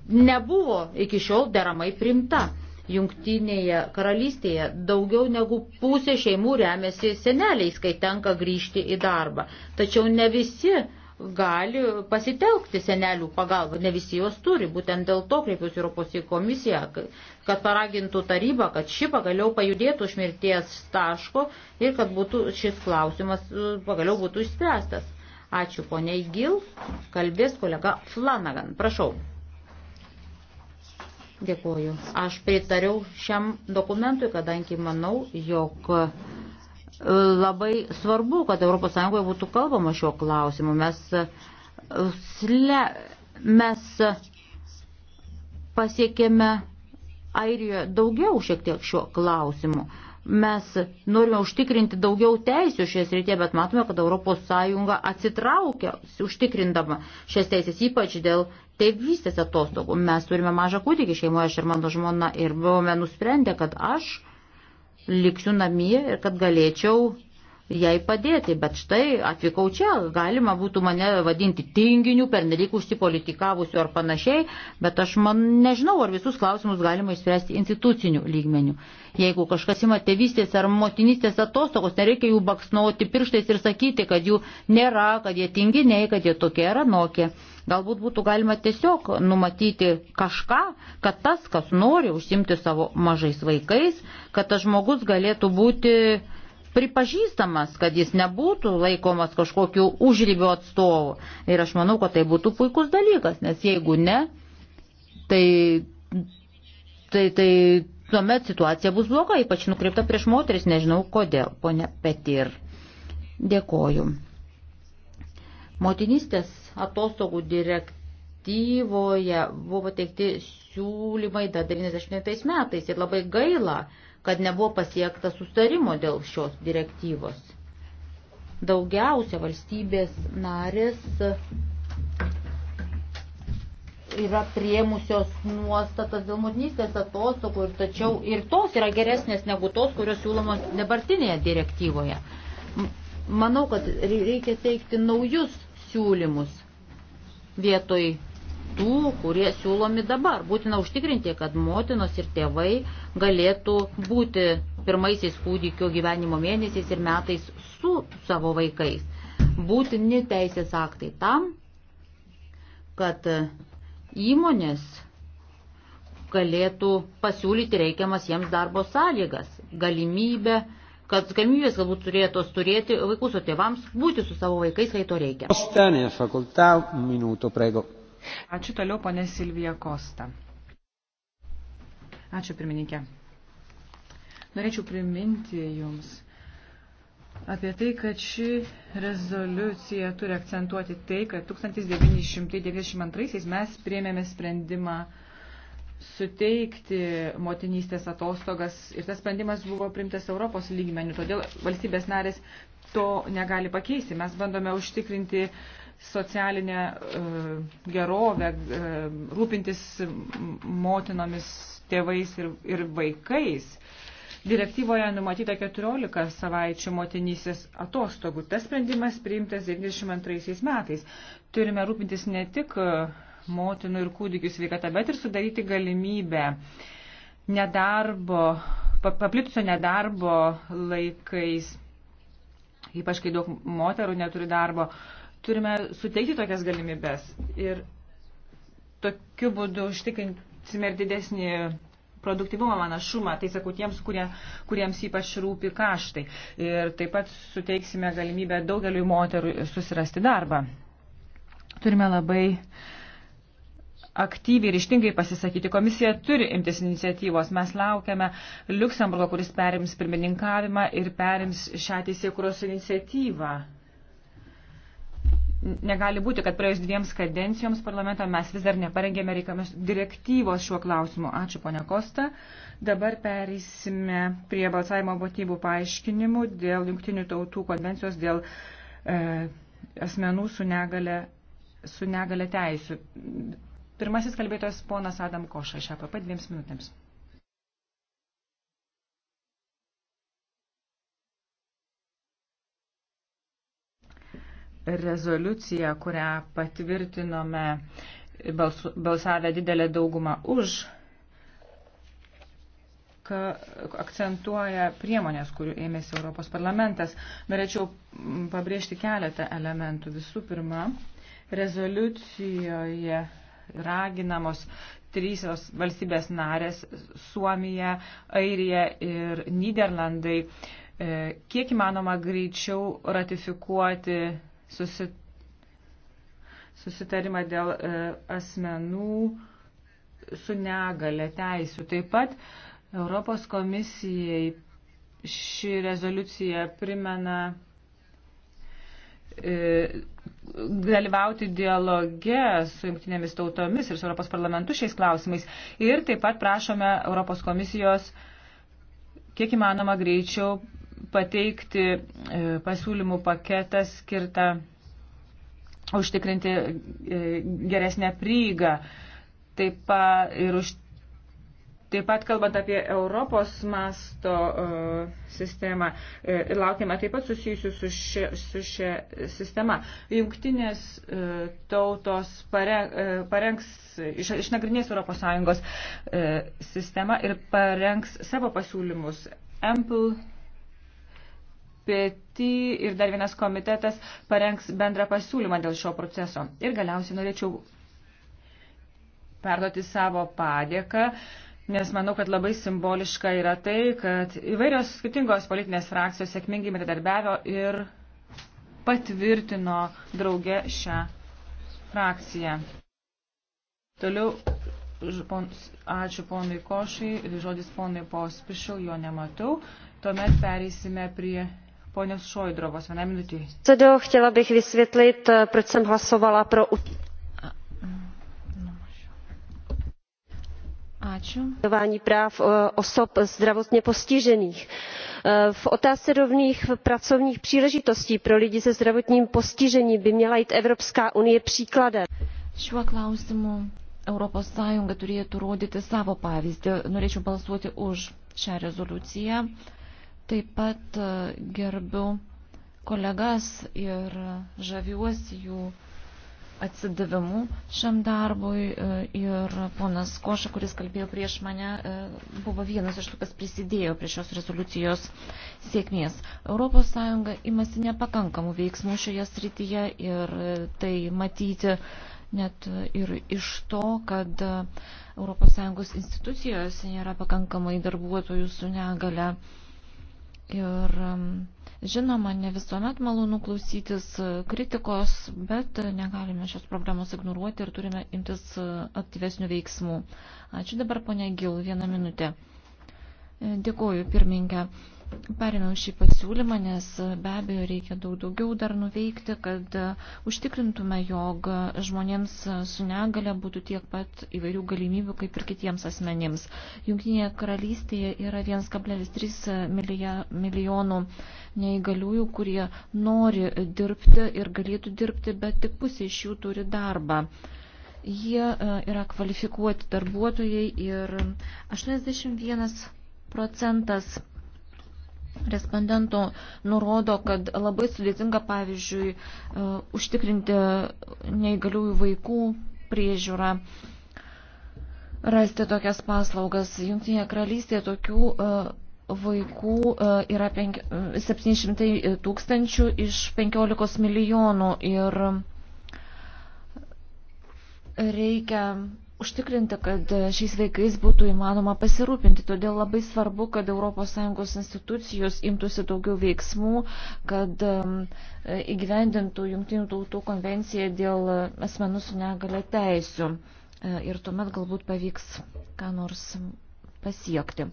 [SPEAKER 3] nebuvo iki šiol deramai primta. Jungtinėje karalystėje daugiau negu pusė šeimų remiasi seneliais, kai tenka grįžti į darbą. Tačiau ne visi gali pasitelkti senelių pagalbą, ne visi jos turi. Būtent dėl to kreipiuosi Europos į komisiją, kad paragintų tarybą, kad ši pagaliau pajudėtų iš mirties taško ir kad būtų šis klausimas e, pagaliau būtų išspręstas. Ačiū poniai Gil, kalbės kolega Flanagan. Prašau. Dėkuoju. Aš pritariau šiam dokumentui, kadangi manau, jog e, labai svarbu, kad ES būtų kalbama šio klausimu. Mes, e, sle, mes pasiekėme Airijoje daugiau šiek tiek šio klausimu. Mes norime užtikrinti daugiau teisių šioje srityje, bet matome, kad ES atsitraukia užtikrindama šias teisės, ypač dėl tėvystės atostogų. Mes turime mažą kūdikį šeimoje, aš ir mano žmona, ir buvome nusprendę, kad aš liksiu namie ir kad galėčiau jai padėti, bet štai atvykau čia, galima būtų mane vadinti tinginiu, pernelyg užsipolitikavusiu ar panašiai, bet aš man nežinau, ar visus klausimus galima išspręsti instituciniu lygmeniu. Jeigu kažkas ima tėvystės ar motinystės atostogos, nereikia jų baksnuoti pirštais ir sakyti, kad jų nėra, kad jie tinginiai, kad jie tokie ar anokie. Galbūt būtų galima tiesiog numatyti kažką, kad tas, kas nori užsimti savo mažais vaikais, kad tas žmogus galėtų būti pripažįstamas, kad jis nebūtų laikomas kažkokiu užrybio atstovu. Ir aš manau, kad tai būtų puikus dalykas, nes jeigu ne, tai, tai, tai tuomet situacija bus bloga, ypač nukreipta prieš moteris, nežinau kodėl, ponia Petir. Dėkoju. Motinystės atostogų direktyvoje buvo teikti siūlymai dar 90 metais ir labai gaila, kad nebuvo pasiekta sustarimo dėl šios direktyvos. Daugiausia valstybės narės yra priemusios nuostatas dėl motinystės atostogų, ir tačiau ir tos yra geresnės negu tos, kurios siūlomos dabartinėje direktyvoje. Manau, kad reikia teikti naujus siūlymus vietoj tų, kurie siūlomi dabar. Būtina užtikrinti, kad motinos ir tėvai galėtų būti pirmaisiais kūdikio gyvenimo mėnesiais ir metais su savo vaikais. Būtini teisės aktai tam, kad įmonės galėtų pasiūlyti reikiamas jiems darbo sąlygas, galimybę, kad galimybės galbūt turėtos turėti vaikus, o
[SPEAKER 4] tėvams būti su savo vaikais, kai to reikia. Ostanė,
[SPEAKER 2] fakulta, minuto, prego.
[SPEAKER 4] Ačiū toliau, ponė Silvija Kosta. Ačiū, pirmininkė. Norėčiau priminti Jums apie tai, kad ši rezoliucija turi akcentuoti tai, kad 1992 mes priėmėme sprendimą suteikti motinystės atostogas ir tas sprendimas buvo primtas Europos lygmenių, todėl valstybės narės to negali pakeisti. Mes bandome užtikrinti socialinę e, gerovę, e, rūpintis motinomis, tėvais ir, ir vaikais. Direktyvoje numatyta 14 savaičių motinysės atostogų. Tas sprendimas priimtas 92 metais. Turime rūpintis ne tik e, motinų ir kūdikių sveikata, bet ir sudaryti galimybę nedarbo, paplitusio nedarbo laikais, ypač kai daug moterų neturi darbo, uh, turime suteikti tokias galimybės ir tokiu būdu užtikrinsime ir didesnį produktivumą, manašumą, tai sakau tiems, kurie, kuriems ypač rūpi kaštai. Ir taip pat suteiksime galimybę daugeliui moterų susirasti darbą. Turime labai aktyviai ir ištingai pasisakyti. Komisija turi imtis iniciatyvos. Mes laukiame Luksemburgo, kuris perims pirmininkavimą ir perims šią teisėkuros iniciatyvą. Negali būti, kad praėjus dviems kadencijoms parlamento mes vis dar neparengėme reikamos direktyvos šiuo klausimu. Ačiū, ponia Kosta. Dabar perėsime prie balsavimo motyvų paaiškinimų dėl Junktinių tautų konvencijos dėl e, asmenų su negale, su negale teisų. Pirmasis kalbėtojas ponas Adam Koša, šią e papad dviems minutėms. rezoliuciją, kurią patvirtinome balsavę didelę daugumą už, akcentuoja priemonės, kurių ėmėsi Europos parlamentas. Norėčiau pabrėžti keletą elementų. Visų pirma, rezoliucijoje raginamos trysios valstybės narės - Suomija, Airija ir Niderlandai - e, kiek įmanoma greičiau ratifikuoti susit, susitarimą dėl e, asmenų su negale teisų. Taip pat Europos komisijai ši rezoliucija primena e, dalyvauti dialoge su jungtinėmis tautomis ir su Europos parlamentu šiais klausimais. Ir taip pat prašome Europos komisijos kiek įmanoma greičiau pateikti e, pasiūlymų paketą skirtą užtikrinti e, geresnę prieigą. Taip pat, ir už, taip pat kalbant apie Europos masto uh, sistemą, uh, laukiame taip pat susijusių su šia, su šia sistema. Jungtinės uh, tautos pare, uh, parengs, iš, išnagrinės ES uh, sistemą ir parengs savo pasiūlymus. Ample peti ir dar vienas komitetas parengs bendrą pasiūlymą dėl šio proceso. Ir galiausiai norėčiau perduoti savo padėką, nes manau, kad labai simboliška yra tai, kad įvairios skirtingos politinės frakcijos sėkmingai bendradarbiavo ir patvirtino draugę šią frakciją. Toliau, ačiū ponui Košai, žodis ponui Pospišil, jo nematau. Tuomet pereisime prie Ponios Šojdrovos, vieną minutį.
[SPEAKER 5] Cedo, chtěla bych vysvětlit, eh, proč jsem hlasovala pro... Mm, Ačiū. práv eh, osob zdravotně postižených eh, v otázce rovných pracovních příležitostí pro lidi se zdravotním postižením by měla jít evropská unie příkladem. šiuo klausimu europos sąjunga turėtų rodyti savo pavyzdį norėčiau balsuoti už šią rezoliuciją. Taip pat e, gerbiu kolegas ir žaviuosi jų atsidavimu šiam darbui e, ir ponas Koša, kuris kalbėjo prieš mane, e, buvo vienas iš tų, kas prisidėjo prie šios rezoliucijos sėkmės. ES imasi nepakankamų veiksmų šioje srityje ir tai matyti net ir iš to, kad ES institucijos nėra pakankamai darbuotojų su negale Ir žinoma, ne visuomet malonu klausytis e, kritikos, bet e, negalime šios problemos ignoruoti ir turime imtis e, aktyvesnių veiksmų. Ačiū dabar, ponia Gil, vieną minutę. Dėkuoju, pirmininkė. Perėmiau šį pasiūlymą, nes be abejo reikia daug daugiau dar nuveikti, kad e, užtikrintume, jog žmonėms su negale būtų tiek pat įvairių galimybių kaip ir kitiems asmenims. Junktinėje karalystėje yra 1,3 milijonų neįgaliųjų, kurie nori dirbti ir galėtų dirbti, bet tik pusė iš jų turi darbą jie e, yra kvalifikuoti darbuotojai ir 81 procentas respondentų nurodo, kad labai sudėtinga, pavyzdžiui, e, užtikrinti neįgaliųjų vaikų priežiūrą, rasti tokias paslaugas. Jungtinėje karalystėje tokių e, vaikų e, yra 700 tūkstančių iš 15 milijonų ir reikia užtikrinti, kad šiais vaikais būtų įmanoma pasirūpinti. Todėl labai svarbu, kad ES institucijos imtųsi daugiau veiksmų, kad um, įgyvendintų Junktinių tautų konvenciją dėl asmenų su negale teisių. E, ir tuomet galbūt pavyks ką nors pasiekti.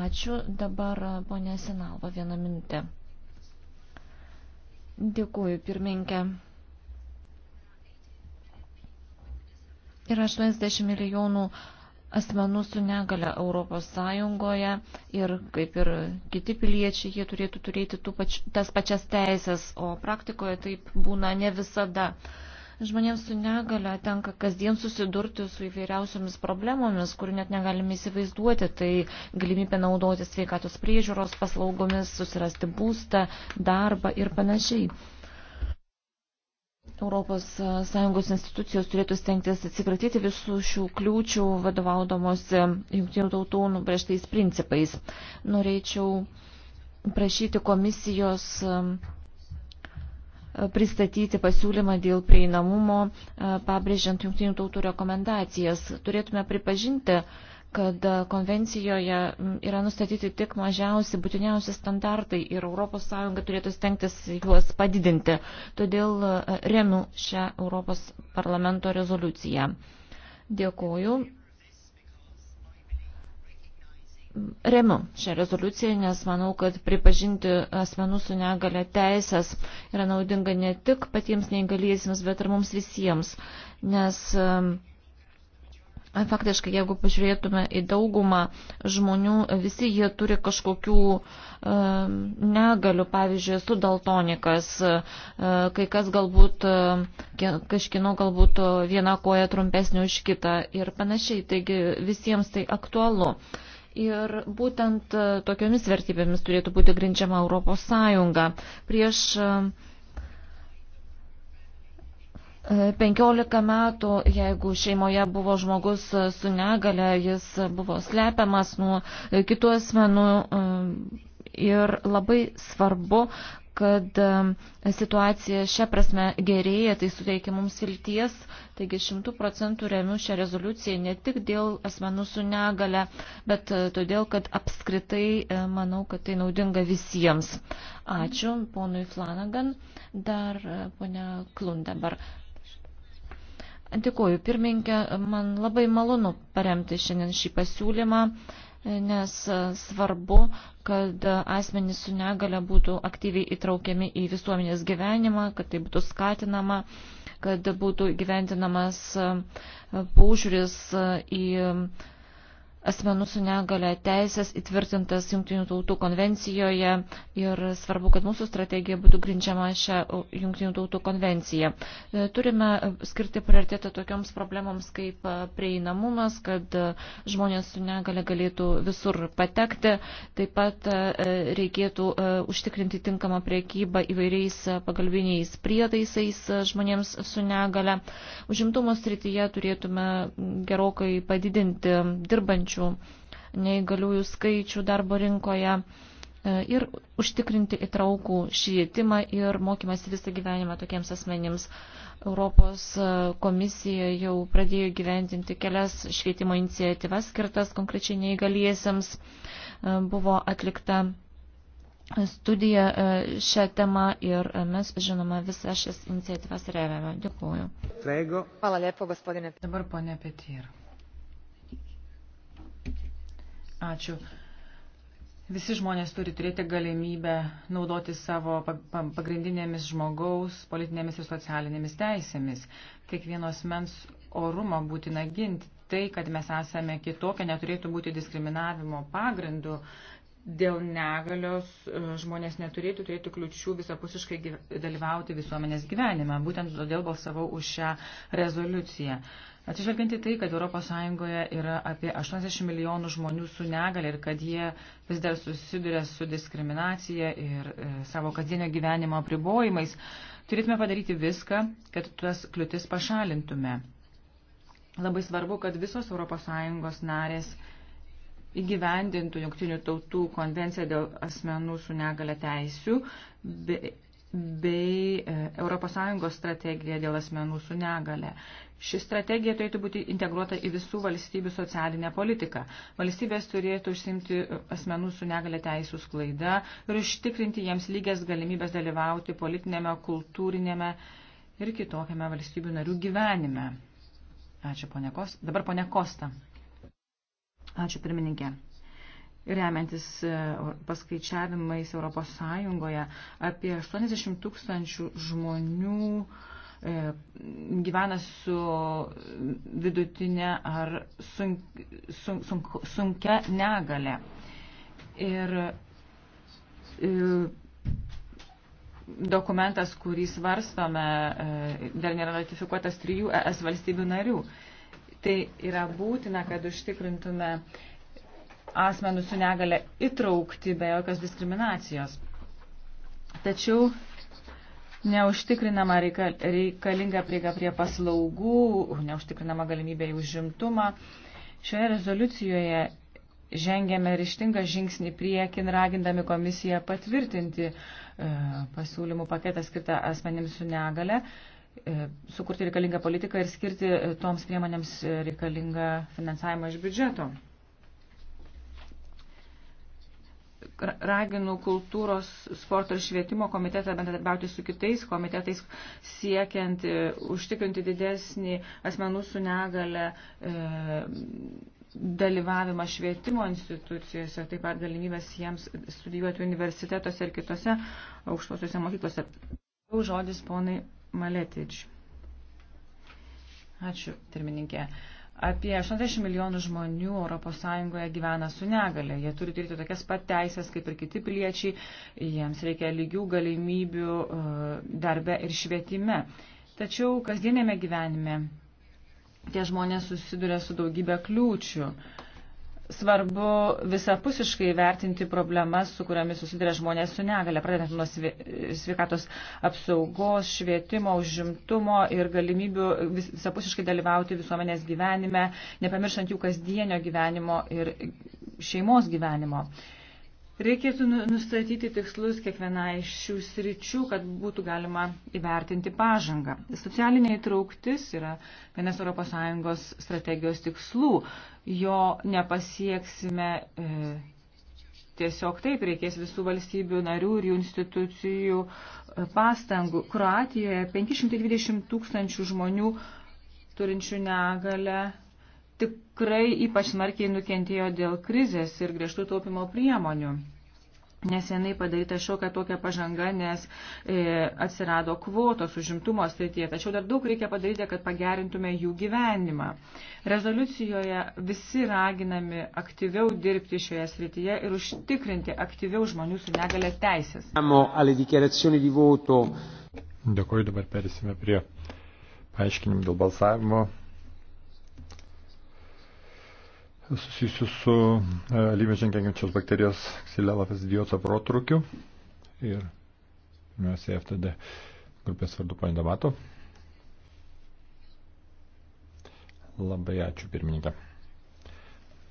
[SPEAKER 5] Ačiū. Dabar e, ponė Sinalva vieną minutę. Dėkuoju, pirminkė. Yra 80 milijonų asmenų su negale Europos Sąjungoje ir kaip ir kiti piliečiai, jie turėtų turėti pač, tas pačias teisės, o praktikoje taip būna ne visada. Žmonėms su negale tenka kasdien susidurti su įvairiausiamis problemomis, kurių net negalime įsivaizduoti. Tai galimybė naudoti sveikatos priežiūros paslaugomis, susirasti būstą, darbą ir panašiai. ES e, institucijos turėtų stengtis atsikratyti visų šių kliūčių vadovaudomosi jungtinių tautų nubrėžtais principais. Norėčiau prašyti komisijos e, pristatyti pasiūlymą dėl prieinamumo, e, pabrėžiant jungtinių tautų rekomendacijas. Turėtume pripažinti, kad e, konvencijoje yra nustatyti tik mažiausi būtiniausi standartai ir ES turėtų stengtis juos padidinti. Todėl e, remiu šią Europos parlamento rezoliuciją. Dėkuoju. Remiu šią rezoliuciją, nes manau, kad pripažinti asmenų su negale teisės yra naudinga ne tik patiems neįgaliesiems, bet ir mums visiems, nes e, Faktiškai, jeigu pažiūrėtume į daugumą žmonių, visi jie turi kažkokių e, negalių. Pavyzdžiui, esu daltonikas, e, kai kas galbūt, e, kažkino galbūt viena koja trumpesnė už kitą ir panašiai. Taigi visiems tai aktualu. Ir būtent tokiomis vertybėmis turėtų būti grindžiama Europos Sąjunga. Prieš uh, 15 metų, jeigu šeimoje buvo žmogus su negale, jis buvo slepiamas nuo kitų asmenų e, ir labai svarbu, kad e, situacija šią prasme gerėja, tai suteikia mums vilties. Taigi šimtų procentų remiu šią rezoliuciją ne tik dėl asmenų su negale, bet e, todėl, kad apskritai manau, kad tai naudinga visiems. Ačiū ponui Flanagan, dar ponia Klun dabar. Dėkuoju, pirmininkė, man labai malonu paremti šiandien šį pasiūlymą, nes svarbu, kad asmenys su negale būtų aktyviai įtraukiami į visuomenės gyvenimą, kad tai būtų skatinama, kad būtų gyventinamas paužiūris į asmenų su negale teisės įtvirtintas Junktinių tautų konvencijoje ir svarbu, kad mūsų strategija būtų grindžiama šią Junktinių tautų konvenciją. E, turime skirti prioritetą tokioms problemams kaip e, prieinamumas, kad e, žmonės su negale galėtų visur patekti. Taip pat reikėtų užtikrinti tinkamą priekybą įvairiais pagalbiniais prietaisais žmonėms su negale. Užimtumo srityje turėtume gerokai padidinti dirbančių turinčių neįgaliųjų skaičių darbo rinkoje e, ir užtikrinti įtraukų švietimą ir mokymasi visą gyvenimą tokiems asmenims. Europos e, komisija jau pradėjo gyventinti kelias švietimo iniciatyvas skirtas konkrečiai neįgaliesiems. E, buvo atlikta studija šią temą ir mes, žinoma, visas šias iniciatyvas remiame. Dėkuoju.
[SPEAKER 4] Dabar ponė Petir. Ačiū. Visi žmonės turi turėti galimybę naudoti savo pagrindinėmis žmogaus, politinėmis ir socialinėmis teisėmis. Kiekvienos mens orumą būtina ginti. Tai, kad mes esame kitokia, neturėtų būti diskriminavimo pagrindu. Dėl negalios e, žmonės neturėtų turėti kliučių visapusiškai dalyvauti visuomenės gyvenime. Būtent todėl balsavau už šią rezoliuciją. Atsižvelgiant į tai, kad ES yra apie 80 milijonų žmonių su negalė ir kad jie vis dar susiduria su diskriminacija ir e, savo kasdienio gyvenimo apribojimais, turėtume padaryti viską, kad tuos kliūtis pašalintume. Labai svarbu, kad visos ES narės įgyvendintų Junktinių tautų konvenciją dėl asmenų su negale teisių bei ES strategija dėl asmenų su negale. Ši strategija turėtų būti integruota į visų valstybių socialinę politiką. Valstybės turėtų užsimti e, asmenų su negale teisų sklaida ir užtikrinti jiems lygias galimybės dalyvauti politinėme, kultūrinėme ir kitokiame valstybių narių gyvenime. Ačiū, ponė Kosta. Dabar ponė Kosta. Ačiū, pirmininkė remiantis e, paskaičiavimais Europos Sąjungoje, apie 80 tūkstančių žmonių e, gyvena su vidutinė ar sunk, sunk, sunk, sunkia negale. Ir, ir e, dokumentas, kurį svarstome, dar nėra ratifikuotas trijų ES valstybių narių. Tai yra būtina, kad užtikrintume uh, asmenų su negale įtraukti be jokios diskriminacijos. Tačiau neužtikrinama reikalinga prieiga prie paslaugų, neužtikrinama galimybė į užimtumą. Šioje rezoliucijoje žengėme ryštingą žingsnį priekin, ragindami komisiją patvirtinti e, pasiūlymų paketą skirtą asmenėms su negale, e, sukurti reikalingą politiką ir skirti e, toms priemonėms e, reikalingą finansavimą iš biudžeto. raginu kultūros, sporto ir švietimo komitetą bendradarbiauti su kitais komitetais, siekiant e, užtikrinti didesnį asmenų su negale e, dalyvavimą švietimo institucijose, taip pat galimybės jiems studijuoti universitetuose ir kitose aukštosiuose mokyklose. Žodis ponai Maletič. Ačiū, pirmininkė. E, Apie 80 milijonų žmonių ES gyvena su negale. Jie turi turėti tokias pat teisės kaip ir kiti piliečiai. Jiems reikia lygių galimybių e, darbe ir švietime. Tačiau kasdienėme gyvenime tie žmonės susiduria su daugybė kliūčių svarbu visapusiškai vertinti problemas, su kuriamis susiduria žmonės su negale, pradedant nuo sveikatos apsaugos, švietimo, užimtumo ir galimybių visapusiškai dalyvauti visuomenės gyvenime, nepamirštant jų kasdienio gyvenimo ir šeimos gyvenimo. Uh, Reikėtų nu, nustatyti tikslus kiekvienai iš šių sričių, kad būtų galima įvertinti pažangą. Socialinė įtrauktis yra vienas ES strategijos tikslų. Jo nepasieksime e, tiesiog taip, reikės visų valstybių narių ir jų institucijų e, pastangų. Kroatijoje 520 tūkstančių žmonių turinčių negalę tikrai ypač smarkiai nukentėjo dėl krizės ir griežtų taupimo priemonių. Nesenai padaryta šiokia tokia pažanga, nes e, atsirado kvotos užimtumo srityje, tačiau dar daug reikia padaryti, kad pagerintume jų gyvenimą. Rezoliucijoje visi raginami aktyviau dirbti šioje srityje ir užtikrinti aktyviau žmonių su negale teisės.
[SPEAKER 6] Dėkuoju, dabar perėsime prie paaiškinimų dėl balsavimo susijusių su e, lyme žengiančios bakterijos ksilelapės idioto protrukiu ir mes FTD grupės vardu pandemato. Labai ačiū pirmininkė.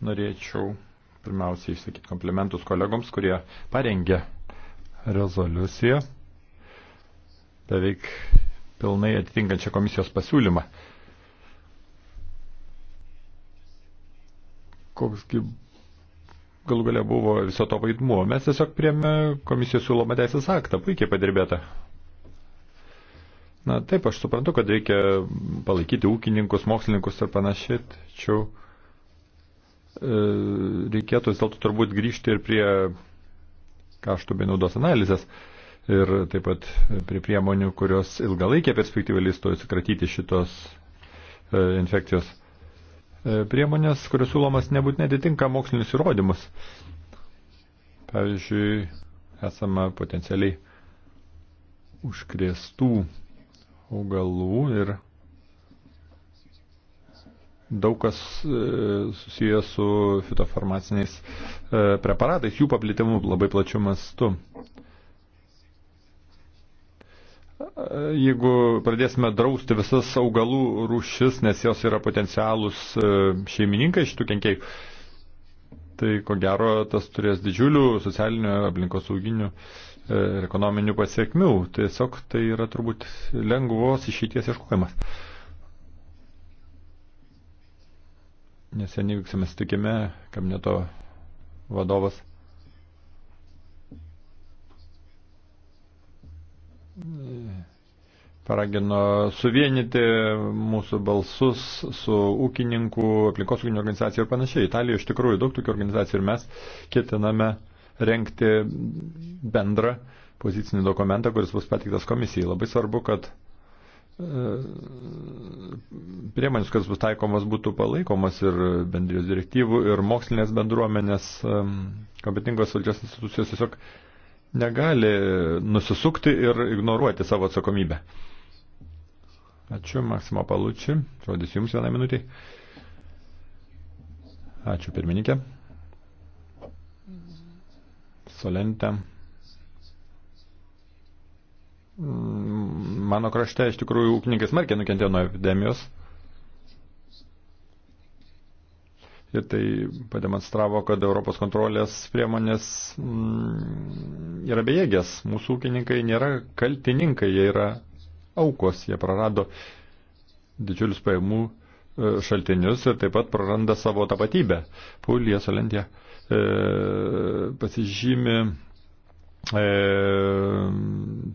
[SPEAKER 6] Norėčiau pirmiausiai išsakyti komplimentus kolegoms, kurie parengė rezoliuciją beveik pilnai atitinkančią komisijos pasiūlymą. koksgi galų galia buvo viso to vaidmuo. Mes tiesiog priėmė komisijos siūlomą teisės aktą, puikiai padirbėta. Na taip, aš suprantu, kad reikia palaikyti ūkininkus, mokslininkus ir panašiai, tačiau e, reikėtų vis dėlto turbūt grįžti ir prie kaštų bei naudos analizės ir taip pat prie priemonių, kurios ilgalaikė perspektyvą leistų atsikratyti šitos e, infekcijos. E, priemonės, kurios siūlomas nebūtinai atitinka mokslinius įrodymus. Pavyzdžiui, esama potencialiai užkrėstų augalų ir daug kas e, susijęs su fitofarmaciniais e, preparatais, jų paplitimu labai plačiu mastu jeigu pradėsime drausti visas augalų rūšis, nes jos yra potencialūs e, šeimininkai šitų kenkėjų, tai ko gero tas turės didžiulių socialinių, aplinkosauginių e, ir ekonominių pasiekmių. Tiesiog tai yra turbūt lengvos išeities ieškojimas. Neseniai vyksime sutikime, kabineto vadovas paragino suvienyti mūsų balsus su ūkininkų, aplinkosauginių organizacijų ir panašiai. Italijoje iš tikrųjų daug tokių organizacijų ir mes ketiname renkti bendrą pozicinį dokumentą, kuris bus patiktas komisijai. Labai svarbu, kad e, priemonės, kas bus taikomas, būtų palaikomas ir bendrijos direktyvų, ir mokslinės bendruomenės, e, kompetingos valdžios institucijos tiesiog negali nusisukti ir ignoruoti savo atsakomybę. Ačiū, Maksimo Palučiu. Žodis Jums vienai minutiai. Ačiū, pirmininkė. Solentė. Mm, mano krašte iš tikrųjų ūkininkai smarkiai nukentėjo nuo epidemijos. Ir tai pademonstravo, kad Europos kontrolės priemonės mm, yra bejėgės. Mūsų ūkininkai nėra kaltininkai, jie yra aukos, jie prarado didžiulius pajamų e, šaltinius ir taip pat praranda savo tapatybę. Pulija Solentė e, pasižymi e,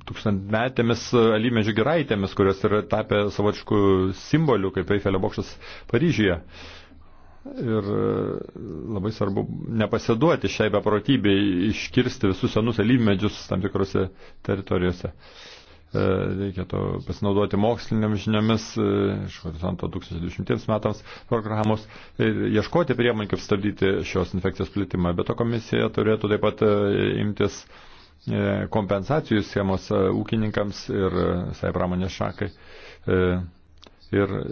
[SPEAKER 6] tūkstantmetėmis alymežių giraitėmis, kurios yra tapę savočių simbolių, kaip Eifelio bokštas Paryžiuje. E, Ir e, labai svarbu nepasiduoti šiai beprotybei, iškirsti visus senus alyvmedžius tam tikrose teritorijose. E, reikia to pasinaudoti moksliniam žiniomis e, iš horizonto 2020 metams programos ir ieškoti priemonių, kaip stabdyti šios infekcijos plitimą. Bet to komisija turėtų taip pat imtis kompensacijų schemos ūkininkams ir visai pramonės šakai ir e,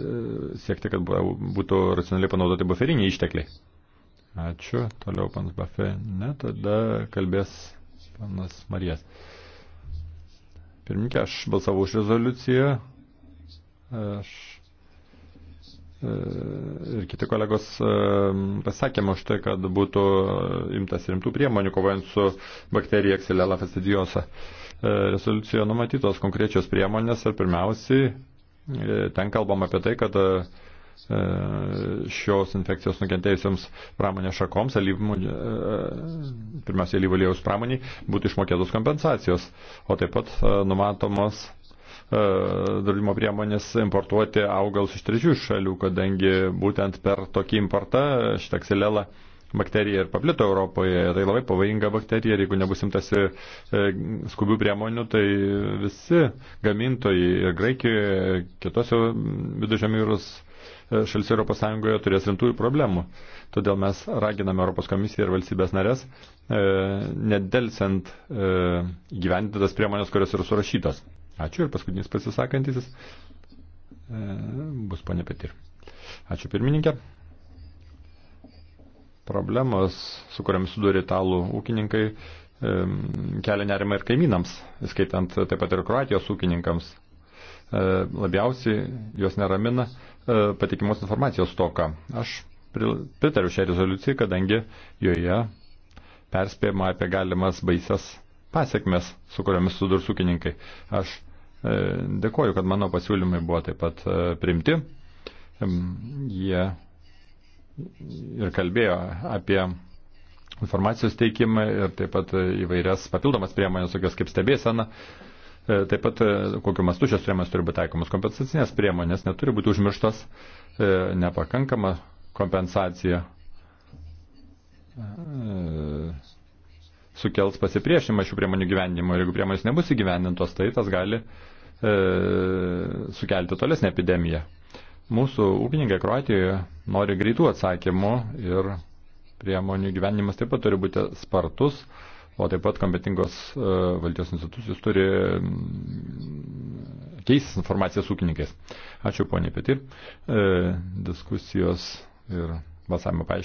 [SPEAKER 6] siekti, kad būtų racionaliai panaudoti buferiniai ištekliai. Ačiū. Toliau panas Bafė. Ne, tada kalbės panas Marijas. Pirminkė, aš balsavau už rezoliuciją. Aš e, ir kiti kolegos e, pasakėme už tai, kad būtų imtas rimtų priemonių kovojant su bakterija Xylella fastidiosa. Rezoliucijoje numatytos konkrečios priemonės ir pirmiausiai E, ten kalbam apie tai, kad e, e, šios infekcijos nukentėjusiems pramonės šakoms, pirmiausia, lyvalėjaus pramoniai, būtų išmokėtos kompensacijos, o taip pat numatomos draudimo priemonės importuoti augalus iš trečiųjų šalių, kadangi būtent per tokį importą šitą ksilelą bakterija ir paplito Europoje. Tai labai pavojinga bakterija ir jeigu nebus imtasi e, skubių priemonių, tai visi gamintojai ir Graikijoje, kitose viduržėmio jūros e, šalis Europos Sąjungoje turės rimtųjų problemų. Todėl mes raginame Europos komisiją ir valstybės narės e, nedelsiant e, gyventi tas priemonės, kurios yra surašytos. Ačiū ir paskutinis pasisakantisis e, bus ponė Petir. Ačiū pirmininkė problemos, su kuriamis sudūrė italų ūkininkai, kelia nerimą ir kaimynams, skaitant taip pat ir Kroatijos ūkininkams. E, labiausiai juos neramina e, patikimos informacijos toka. Aš pritariu šią rezoliuciją, kadangi joje perspėjama apie galimas baises pasiekmes, su kuriomis sudurs ūkininkai. Aš e, dėkoju, kad mano pasiūlymai buvo taip pat primti. Jie ir kalbėjo apie informacijos teikimą ir taip pat įvairias papildomas priemonės, tokias kaip stebėsena. E, taip pat e, kokiu mastu šios priemonės turi būti taikomas. Kompensacinės priemonės neturi būti užmirštos, e, nepakankama kompensacija sukels pasipriešimą šių priemonių gyvenimo ir jeigu priemonės nebus įgyvendintos, tai tas gali e, sukelti tolesnę epidemiją. Mūsų ūkininkai Kroatijoje nori greitų atsakymų ir priemonių gyvenimas taip pat turi būti spartus, o taip pat kompetingos e, valdžios institucijos turi mm, keistis informaciją su ūkininkais. Ačiū ponė Petir. E, diskusijos ir balsavimo paaiškinimas.